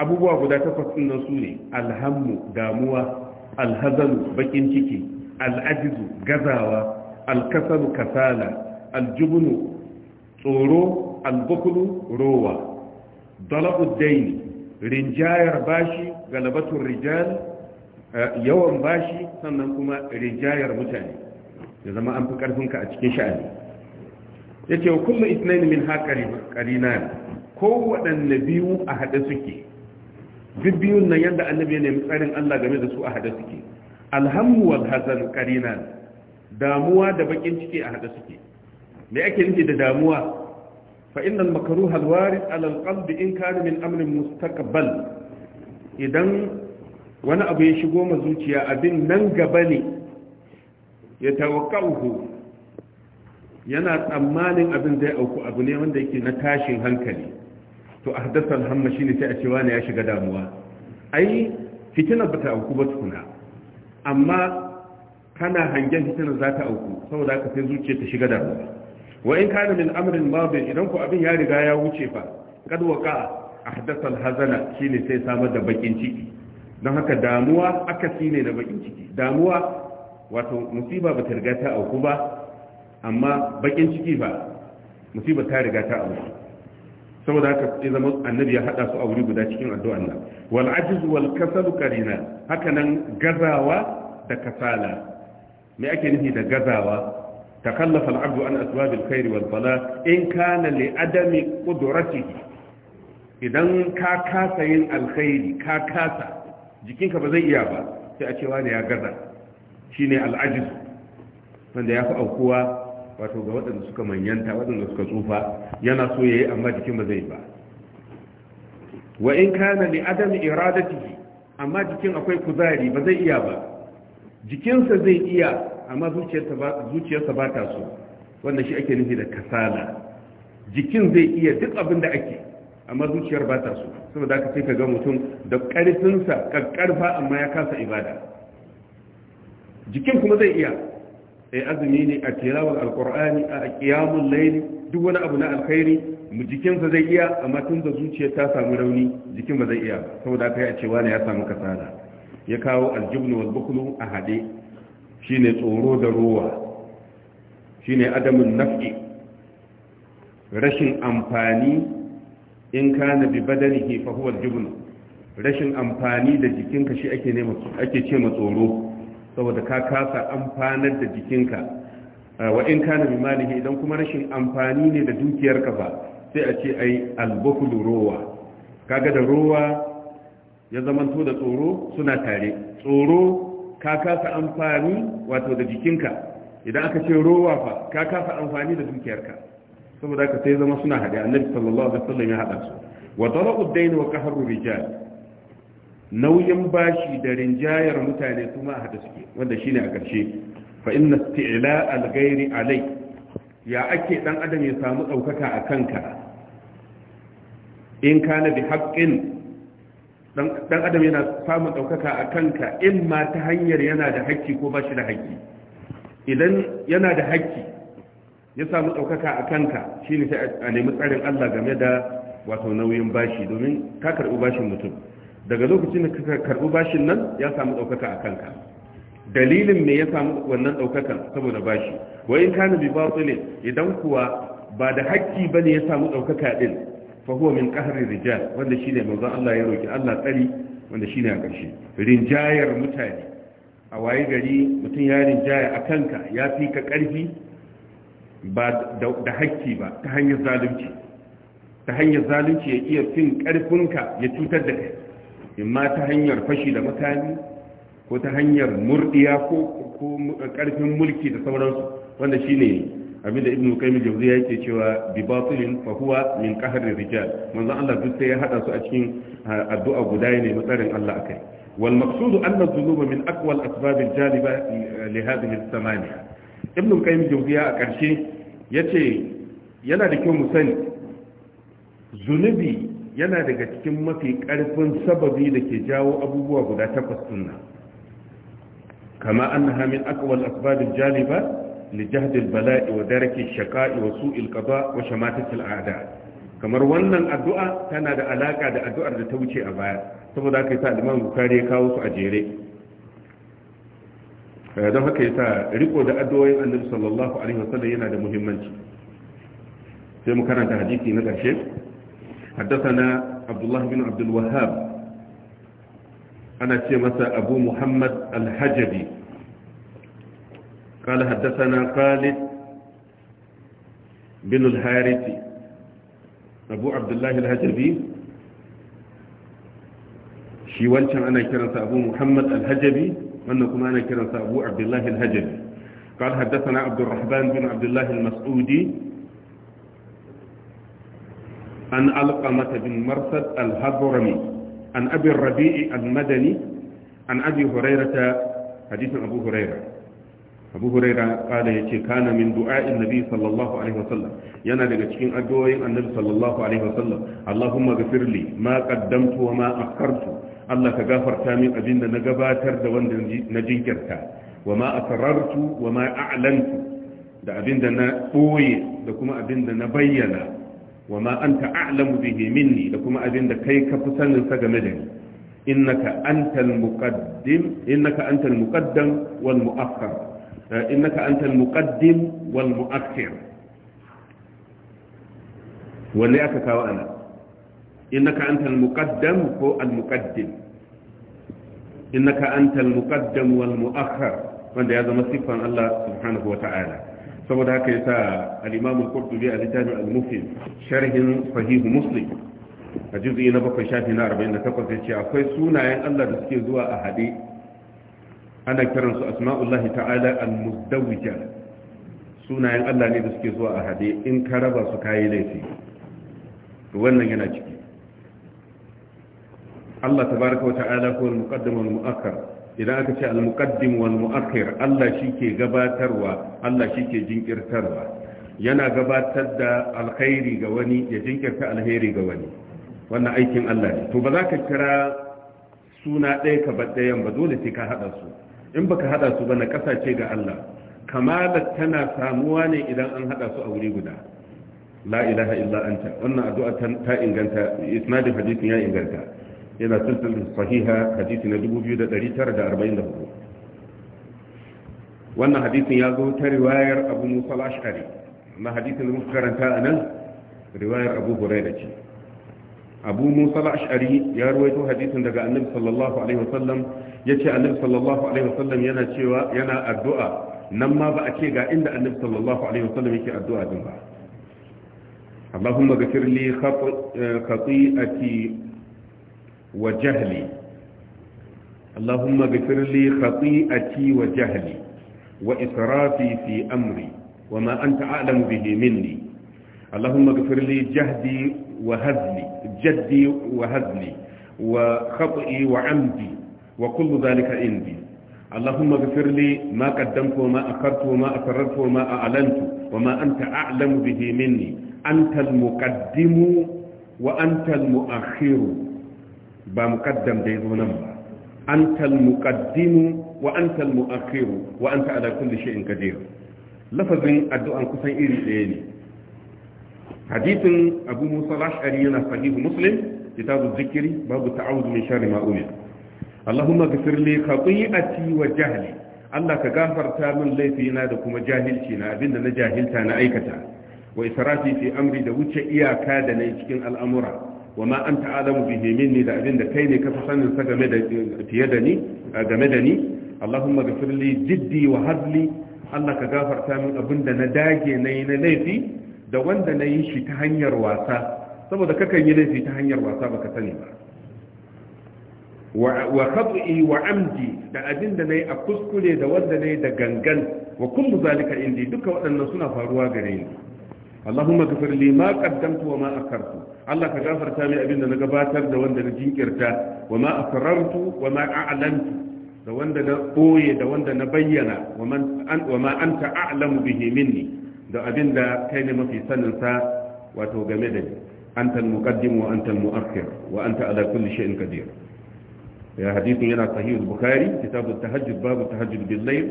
abubuwa guda takwas din nan ne alhammu damuwa alhazanu bakin ciki al'ajizu gazawa alkasalu kasala aljubnu tsoro albukulu rowa dala'ud daini rinjayar bashi galabatun rijal yawan bashi sannan kuma rinjayar mutane da zama an fi karfinka a cikin sha'ani yace kullu ithnain min haqari qarina ko waɗanne biyu a haɗe suke duk biyun nan yadda annabi ya nemi tsarin Allah game da su a haɗe suke alhammu wal hazan qarina damuwa da bakin ciki a haɗe suke me ake nufi da damuwa fa innal makruha al warid ala al in kana min amrin mustaqbal idan wani abu ya shigo ma zuciya abin nan gaba ne ya tawakkauhu yana tsammanin abin zai auku abu ne wanda yake na tashin hankali to a haddasar hamma shi ne sai a cewa ne ya shiga damuwa ai fitina ba ta auku ba tukuna amma kana hangen fitina za ta auku saboda ka sai zuciya ta shiga damuwa wa in kana min amrin madin idan ku abin ya riga ya wuce fa kad waqa ahdathal hazana shine sai samar da bakin ciki don haka damuwa aka ne da bakin ciki damuwa wato musiba ba ta riga ta auku ba amma bakin ciki ba musibar ta riga ta abu saboda haka ya zama annabi ya hada su a wuri guda cikin addu'an nan wal wal kasal qarina haka nan gazawa da kasala me ake nufi da gazawa takallafa kallafa abdu an asuwa al kairi wal in kana li adami qudratihi idan ka kasa yin alkhairi ka kasa jikinka ba zai iya ba sai a cewa ne ya gaza shine ne ajiz wanda ya fi aukuwa wato ga waɗanda suka manyanta waɗanda suka tsufa yana so ya yi amma jikin ba zai ba wa in kana li adam iradatihi amma jikin akwai kuzari ba zai iya ba jikinsa zai iya amma zuciyarsa ba ta so wannan shi ake nufi da kasala jikin zai iya duk abin da ake amma zuciyar ba ta so saboda aka sai ka ga mutum da ƙarfinsa ƙarfa amma ya kasa ibada jikin kuma zai iya sai azumi ne a tilawar alkur'ani a kiyamun laili duk wani abu na alkhairi mu jikinsa zai iya amma tun da zuciyar ta samu rauni jikin ba zai iya saboda kai a cewa ne ya samu kasala ya kawo aljibnu wal bukhlu a hade shine tsoro da ruwa shine adamun naf'i rashin amfani in kana bi badanihi fa huwa aljibnu rashin amfani da jikinka shi ake nema ake ce ma tsoro saboda ka kasa amfanar da jikinka ah, wa in kana bi malihi idan kuma rashin amfani ne da dukiyarka ba sai a ce ai albukulu rowa kaga da rowa ya zamanto da tsoro suna tare tsoro ka kasa amfani wato da jikinka idan aka ce rowa fa ka kasa amfani da dukiyarka saboda ka sai zama suna hade annabi sallallahu alaihi wasallam ya hada su wa talaqu ad-dayn wa qahru rijal nauyin bashi da rinjayar mutane su ma hada suke wanda shi ne a ƙarshe fa inna isti'la al-ghairi alai ya ake dan adam ya samu daukaka a kanka in kana bi haqqin dan adam yana samu daukaka a kanka in ma ta hanyar yana da haƙƙi ko bashi da haƙƙi idan yana da haƙƙi ya samu daukaka a kanka shine sai a nemi tsarin Allah game da wato nauyin bashi domin ka karɓi bashin mutum daga lokacin da ka karbi bashin nan ya samu daukaka a kanka dalilin me ya samu wannan daukaka saboda bashi Wai in kana bi batilin idan kuwa ba da haƙƙi bane ya samu daukaka din fa huwa min qahri rijal wanda shine manzo Allah ya roki Allah tsari wanda shine a ƙarshe rinjayar mutane a waye gari mutum ya rinjaya a kanka ya fi ka ƙarfi ba da haƙƙi ba ta hanyar zalunci ta hanyar zalunci ya iya fin ƙarfinka ya cutar da kai imma ta hanyar fashi da mutane ko ta hanyar murdiya ko karfin mulki da sauransu wanda shine abinda ibnu qayyim jawzi yake cewa bi batilin fa huwa min qahri rijal manzo Allah duk sai ya hada su a cikin addu'a guda ne matsarin Allah akai wal maqsud anna dhunuba min aqwa al asbab al jaliba li hadhihi al thamaniya ibnu qayyim jawzi a karshe yace yana da kyau mu sani zunubi yana daga cikin mafi karfin sababi da ke jawo abubuwa guda takwas sunna kama annaha min aqwal asbab al-jaliba li jahd balai wa daraki ash-shaqa'i wa su'i al wa kamar wannan addu'a tana da alaka da addu'ar da ta wuce a baya saboda haka sa Imam Bukhari ya kawo su a jere eh, don haka yasa riko da addu'o'in Annabi sallallahu alaihi wasallam yana da muhimmanci sai mu karanta hadisi na ƙarshe حدثنا عبد الله بن عبد الوهاب أنا تيمس أبو محمد الحجبي قال حدثنا خالد بن الحارثي أبو عبد الله الحجبي shi wancan ana kiransa abu muhammad alhajabi wannan kuma ana kiransa abu abdullahi alhajabi قال حدثنا عبد الرحمن بن عبد الله المسعودي an alqamata bin marsad al-hadrami an abi rabi'i al-madani an abi hurairata hadisin abu hurairah
abu huraira kada ya ce kana min du'a'in nabi sallallahu alaihi wasallam
yana daga cikin addu'o'in annabi sallallahu alaihi wasallam allahumma ghafirli ma qaddamtu wa ma allah ka gafarta min abinda na gabatar da wanda na jinkirta wa ma wa ma da abinda na boye da kuma abinda na bayyana wa ma anta a'lamu bihi minni da kuma abin da kai ka fi sanin sa game da ni ka antal muqaddim innaka antal muqaddam wal mu'akhkhar eh, innaka antal muqaddim wal mu'akhkhir wanne aka kawo ana innaka antal muqaddam ko al
antal
wal wanda ya zama siffan Allah subhanahu saboda haka yasa al-imam al-qurtubi a littafin al-mufid sharhin sahih muslim a juz'i na bakwai shafi na 48 yace akwai sunayen Allah da suke zuwa a hade ana kiran su asma'ullahi ta'ala al-muzdawija sunayen Allah ne da suke zuwa a hade in ka raba su kai laifi wannan yana ciki Allah tabaaraka wa ta'ala ko al-muqaddim wal mu'akkar idan aka ce al-muqaddim wal mu'akhir Allah shike gabatarwa Allah shike jinkirtarwa yana gabatar da alkhairi ga wani ya jinkirta alheri ga wani wannan aikin Allah ne to ba za ka kira suna ɗaya ka ba ɗayan ba dole sai ka hada su in baka hada su ba na kasace ga Allah kamalar tana samuwa ne idan an hada su a wuri guda la ilaha illa anta wannan addu'a ta inganta isnadin hadisin ya inganta yana silsilin sahiha hadisi na 2944 wannan hadisin ya zo ta riwayar abu musa al-ash'ari na hadisin da muka karanta a nan riwayar abu huraira ce abu musa al-ash'ari ya ruwaito hadisin daga annabi sallallahu alaihi wasallam yace annabi sallallahu alaihi wasallam yana cewa yana addu'a nan ma ba a ce ga inda annabi sallallahu alaihi wasallam yake addu'a din ba Allahumma ghfir li khati'ati وجهلي اللهم اغفر لي خطيئتي وجهلي وإسرافي في أمري وما أنت أعلم به مني اللهم اغفر لي جهدي وهزلي جدي وهزلي وخطئي وعمدي وكل ذلك عندي اللهم اغفر لي ما قدمت وما أخرت وما أسررت وما أعلنت وما أنت أعلم به مني أنت المقدم وأنت المؤخر ba muqaddam da yazo nan ba antal muqaddimu wa antal muakhiru wa anta ala kulli shay'in qadir lafazin addu'an kusan iri ɗaya ne hadithin abu musa al-ash'ari yana sahih muslim kitabu zikiri babu ta'awuz min sharri ma umir allahumma ghfir li khati'ati wa jahli Allah ka gafarta min laifina da kuma jahilci na abinda na jahilta na aikata wa israfi fi amri da wuce iyaka da nayi cikin al'amura wa ma anta alamu bihi minni da abin da kai ne ka sanin sa game da fiye da ni game da ni Allahumma ghafir li jiddi wa hadli Allah ka gafarta min abin da na dage na yi na laifi da wanda na yi shi ta hanyar wasa saboda kakan yi laifi ta hanyar wasa baka sani ba wa khat'i wa amdi da abin da nayi a kuskure da wanda nayi da gangan wa kullu zalika indi duka waɗannan suna faruwa gare ni Allahumma ghfir li ma qaddamtu wa ma Allah ka gafarta min abin da na gabatar da wanda na jinkirta wa ma a asrartu wa ma a'lantu da wanda na boye da wanda na bayyana wa man wa ma anta a'lamu bihi minni da abin da kai ne mafi sanin sa wato game da ni anta al-muqaddim wa anta al-mu'akhir wa an ta ala kulli shay'in qadir ya hadithun yana sahih bukhari kitabu at-tahajjud babu at-tahajjud bil-layl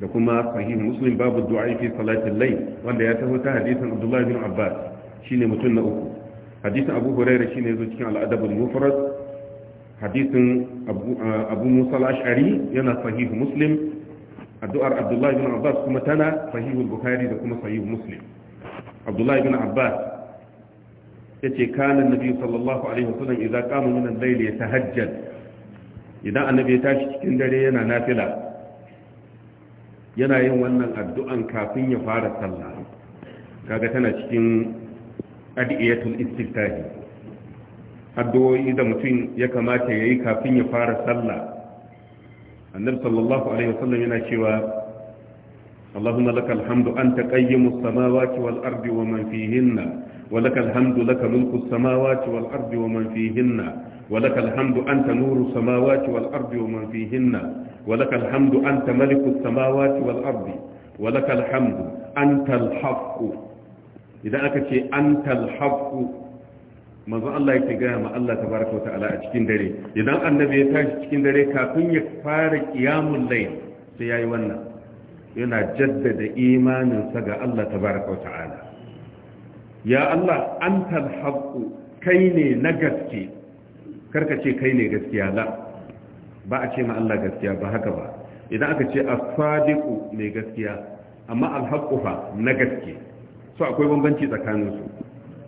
da kuma sahih muslim babu du'a fi salatil layl wanda ya taho ta hadithan abdullahi bin abbas
shine mutum na uku hadisin abu huraira shine yazo cikin al'adabul mufrad hadisin uh, abu musa al-ash'ari yana sahih muslim addu'ar abdullahi ibn abbas kuma tana sahih bukhari da kuma sahih muslim abdullahi ibn abbas yace kana annabi sallallahu alaihi wasallam idza qama min al-layl yatahajjal idan annabi ya tashi cikin dare yana nafila yana yin wannan addu'an kafin ya fara sallah kaga tana cikin adiyatul istiftahi addu'o'i da mutum ya kamata yayi kafin ya fara sallah annabi sallallahu alaihi wasallam yana cewa اللهم لك الحمد أنت قيم السماوات والأرض ومن فيهن ولك الحمد لك ملك السماوات والأرض ومن فيهن ولك الحمد أنت نور السماوات والأرض ومن فيهن ولك الحمد أنت ملك السماوات والأرض ولك الحمد أنت الحق idan aka ce antal haqqu manzo Allah yake gaya ma Allah tabaraka ta'ala a cikin dare idan annabi ya tashi cikin dare kafin ya fara qiyamul layl sai yayi wannan yana jaddada imaninsa ga Allah tabaraka ta'ala ya Allah antal haqqu kai ne na gaske karka ce kai ne gaskiya la ba a ce ma Allah gaskiya ba haka ba idan aka ce as-sadiqu ne gaskiya amma al-haqqu fa na gaske so akwai bambanci tsakaninsu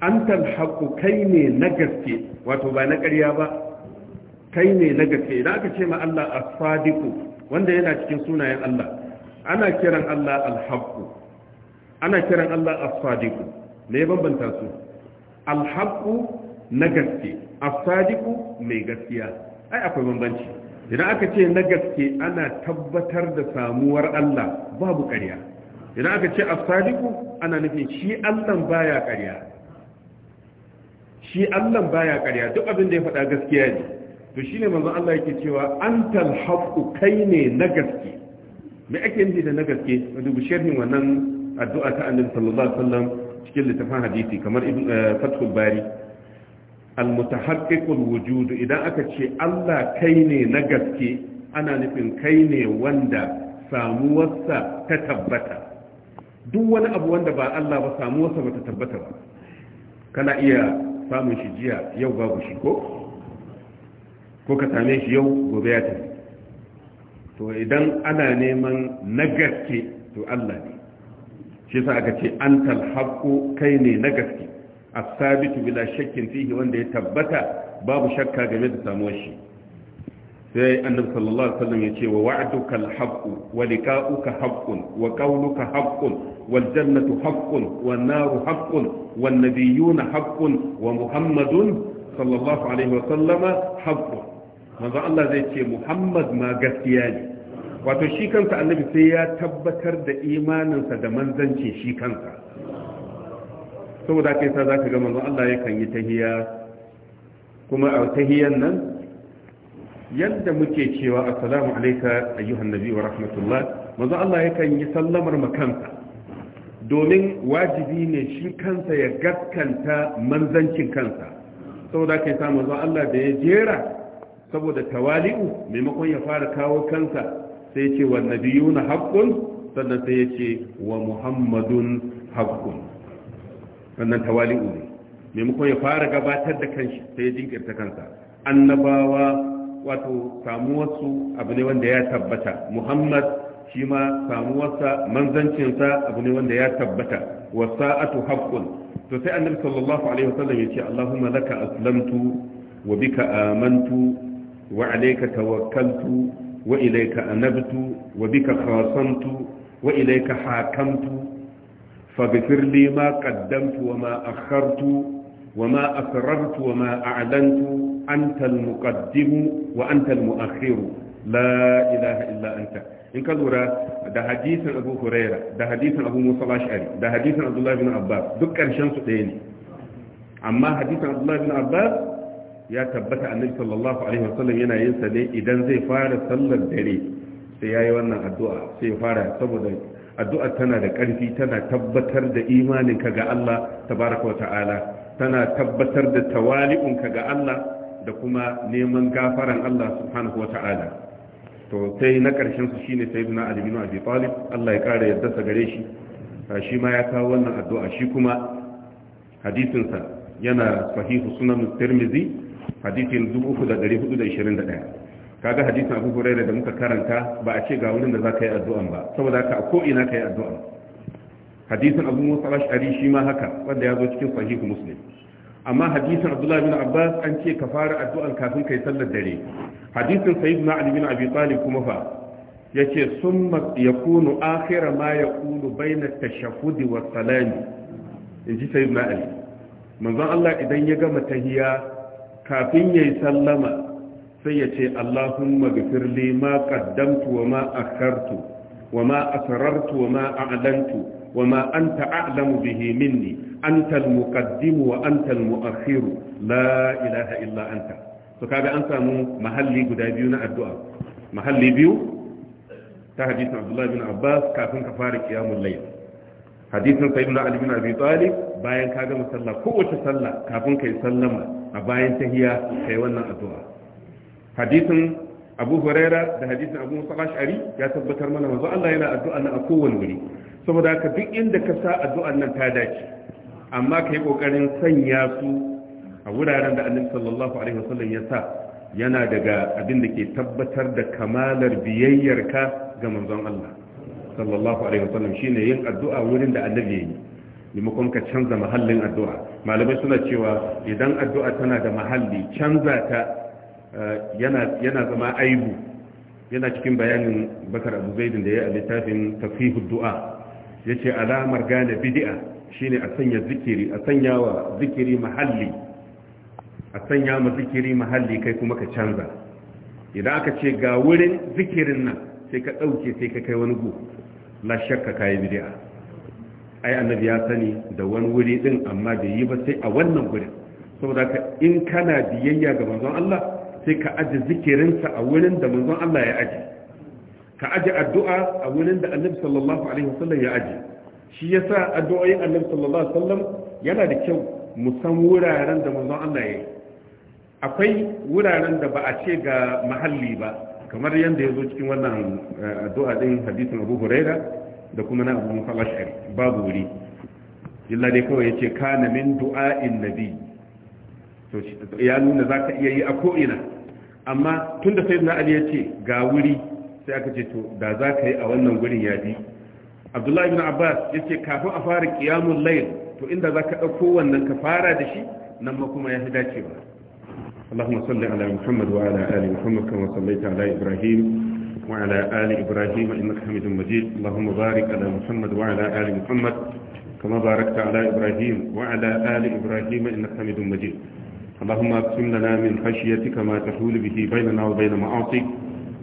an talhaku kai ne na gaske wato ba na ƙarya ba kai ne na gaske idan aka ce ma Allah as-sadiqu wanda yana cikin sunayen Allah ana kiran Allah al-haqqu ana kiran Allah as-sadiqu me ya bambanta su al-haqqu na gaske as-sadiqu mai gaskiya ai akwai bambanci idan aka ce na gaske ana tabbatar da samuwar Allah babu ƙarya idan aka ce as ana nufin shi Allah baya ƙarya shi Allah baya ƙarya duk abin da ya faɗa gaskiya ne to shine manzon Allah yake cewa antal haqqu kai ne na gaske me ake nufi da na gaske dubu sharhin wannan addu'a ta annabi sallallahu alaihi wasallam cikin littafin hadisi kamar eh, fathul bari almutahaqqiqul wujud idan aka ce Allah kai ne na gaske ana nufin kai ne wanda samuwarsa ta tabbata duk wani abu wanda ba Allah ba samu ba bata tabbata ba kana iya samun shi jiya yau babu shi ko ko ka same shi yau gobe ya tafi to idan ana neman na gaske to Allah ne shi yasa aka ce an talhaku kai ne na gaske asabitu bila shakkin fihi wanda ya tabbata babu shakka game da samuwar shi sai annabi sallallahu alaihi wasallam ya ce wa wa'duka al-haqqu wa liqa'uka haqqun wa qawluka haqqun wal jannatu haqqun wan naru haqqun wan nabiyyuna haqqun wa muhammadun sallallahu alaihi wasallama haqqun manzo Allah zai ce Muhammad ma gaskiya ne wato shi kansa annabi sai ya tabbatar da imaninsa da manzancin shi kansa saboda kai sa zaka ga manzo Allah yakan yi tahiya kuma a tahiyan nan yadda muke cewa assalamu alaika ayyuhan nabi wa rahmatullah manzo Allah yakan yi sallamar makansa domin wajibi ne shi kansa ya gaskanta manzancin kansa saboda kai sa manzo Allah da ya jera saboda tawali'u maimakon ya fara kawo kansa sai ce wa nabiyuna haqqun sannan sai ya ce wa muhammadun haqqun sannan tawali'u ne maimakon ya fara gabatar da kansa, sai ya jinkirta kansa annabawa wato samuwarsu abu ne wanda ya tabbata muhammad shi ma samuwarsa manzancinsa abu ne wanda ya tabbata wasa'atu haqqun to sai annabi sallallahu alaihi wasallam yace allahumma laka aslamtu wa bika amantu wa alayka tawakkaltu wa ilayka anabtu wa bika khasamtu wa ilayka hakamtu faghfir li ma qaddamtu wa ma akhartu wa ma asrartu antal muqaddimu wa antal muakhiru la ilaha illa anta in ka lura da hadisin Abu Huraira da hadisin Abu Musa al da hadisin Abdullah ibn Abbas duk ƙarshen su ɗaya ne amma hadisin Abdullah ibn Abbas ya tabbata annabi sallallahu alaihi wasallam yana yin sa ne idan zai fara sallar dare sai yayi wannan addu'a sai ya fara saboda addu'a tana da ƙarfi tana tabbatar da imaninka ga Allah tabaraka ta'ala tana tabbatar da tawali'unka ga Allah da kuma neman gafaran Allah subhanahu wa ta'ala to sai na ƙarshen su shine sayyiduna Ali bin Abi Talib Allah ya kare yadda sa gare shi shi ma ya kawo wannan addu'a shi kuma hadisin sa yana sahihu sunan Tirmidhi hadisin 3421 kaga hadisin Abu Hurairah da muka karanta ba a ce ga wurin da zaka yi addu'an ba saboda haka a ko ina kai addu'a hadisin Abu Musa al-Ash'ari shi ma haka wanda ya zo cikin sahihu Muslim amma hadisin abdullahi bin abbas an ce ka fara addu'an kafin kai sallar dare hadisin sayyidina ali bin abi talib kuma fa yace summa yakunu akhira ma yaqulu baina tashahhud wa salam inji sayyidina ali manzon Allah idan ya gama tahiya kafin yayi sallama sai yace allahumma ghfir li ma qaddamtu wa ma akhartu wa ma asrartu wa ma a'lantu وما أنت أعلم به مني أنت المقدم وأنت المؤخر لا إله إلا أنت فكاد أنت محلي قدابيون الدعاء محلي بيو تحديث عبد الله بن عباس كافن كفار قيام الليل حديث سيدنا علي بن أبي طالب bayan ka gama sallah kowace sallah kafin kai sallama a bayan tahiya kai wannan addu'a hadisin Abu Huraira da hadisin Abu Musa Ash'ari ya tabbatar mana manzo Allah yana addu'a na a kowane wuri saboda ka duk inda ka sa addu'ar nan ta dace amma yi kokarin sanya su a wuraren da annabi sallallahu alaihi wasallam ya sa yana daga abin da ke tabbatar da kamalar biyayyarka ga manzon Allah sallallahu alaihi wasallam shine yin addu'a wurin da annabi yi limakon ka canza mahallin addu'a malamai suna cewa idan addu'a tana da mahalli canza ta eh, yana yana zama aibu yana cikin bayanin Bakar Abu Zaid da ya yi a littafin Tafsirud Du'a yace alamar gane bid'a shine a sanya zikiri a sanya wa zikiri mahalli a sanya ma zikiri mahalli kai kuma ka canza idan aka ce ga wurin zikirin nan sai ka ɗauke sai ka kai wani gu la shakka kai bid'a ai annabi ya sani da wani wuri din amma bai yi ba sai a wannan gurin saboda ka in kana biyayya ga manzon Allah sai ka aje zikirinsa a wurin da manzon Allah ya aje ka aji addu'a a wurin da annabi sallallahu alaihi wasallam ya aji shi yasa addu'o'in annabi sallallahu alaihi wasallam yana da kyau mu san wuraren da manzon Allah ya yi akwai wuraren da ba a ce ga mahalli ba kamar yadda ya zo cikin wannan eh, addu'a din hadisin Abu Huraira da kuma na Abu Musa al babu wuri illa dai kawai yace kana min du'a'in nabi to ya nuna zaka iya yi a ko ina amma tunda sai na Ali yace ga wuri sai aka ce to da za ka yi a wannan gurin ya bi abdullahi bin abbas ya ce kafin a fara kiyamun layl to inda za ka ɗauko wannan ka fara da shi nan ma kuma ya fi dacewa اللهم صل على محمد وعلى آل محمد كما صليت على إبراهيم وعلى آل إبراهيم إنك حميد مجيد اللهم بارك على محمد وعلى آل محمد كما باركت على إبراهيم وعلى آل إبراهيم إنك حميد مجيد اللهم اقسم لنا من خشيتك ما تحول به بيننا وبين معاصيك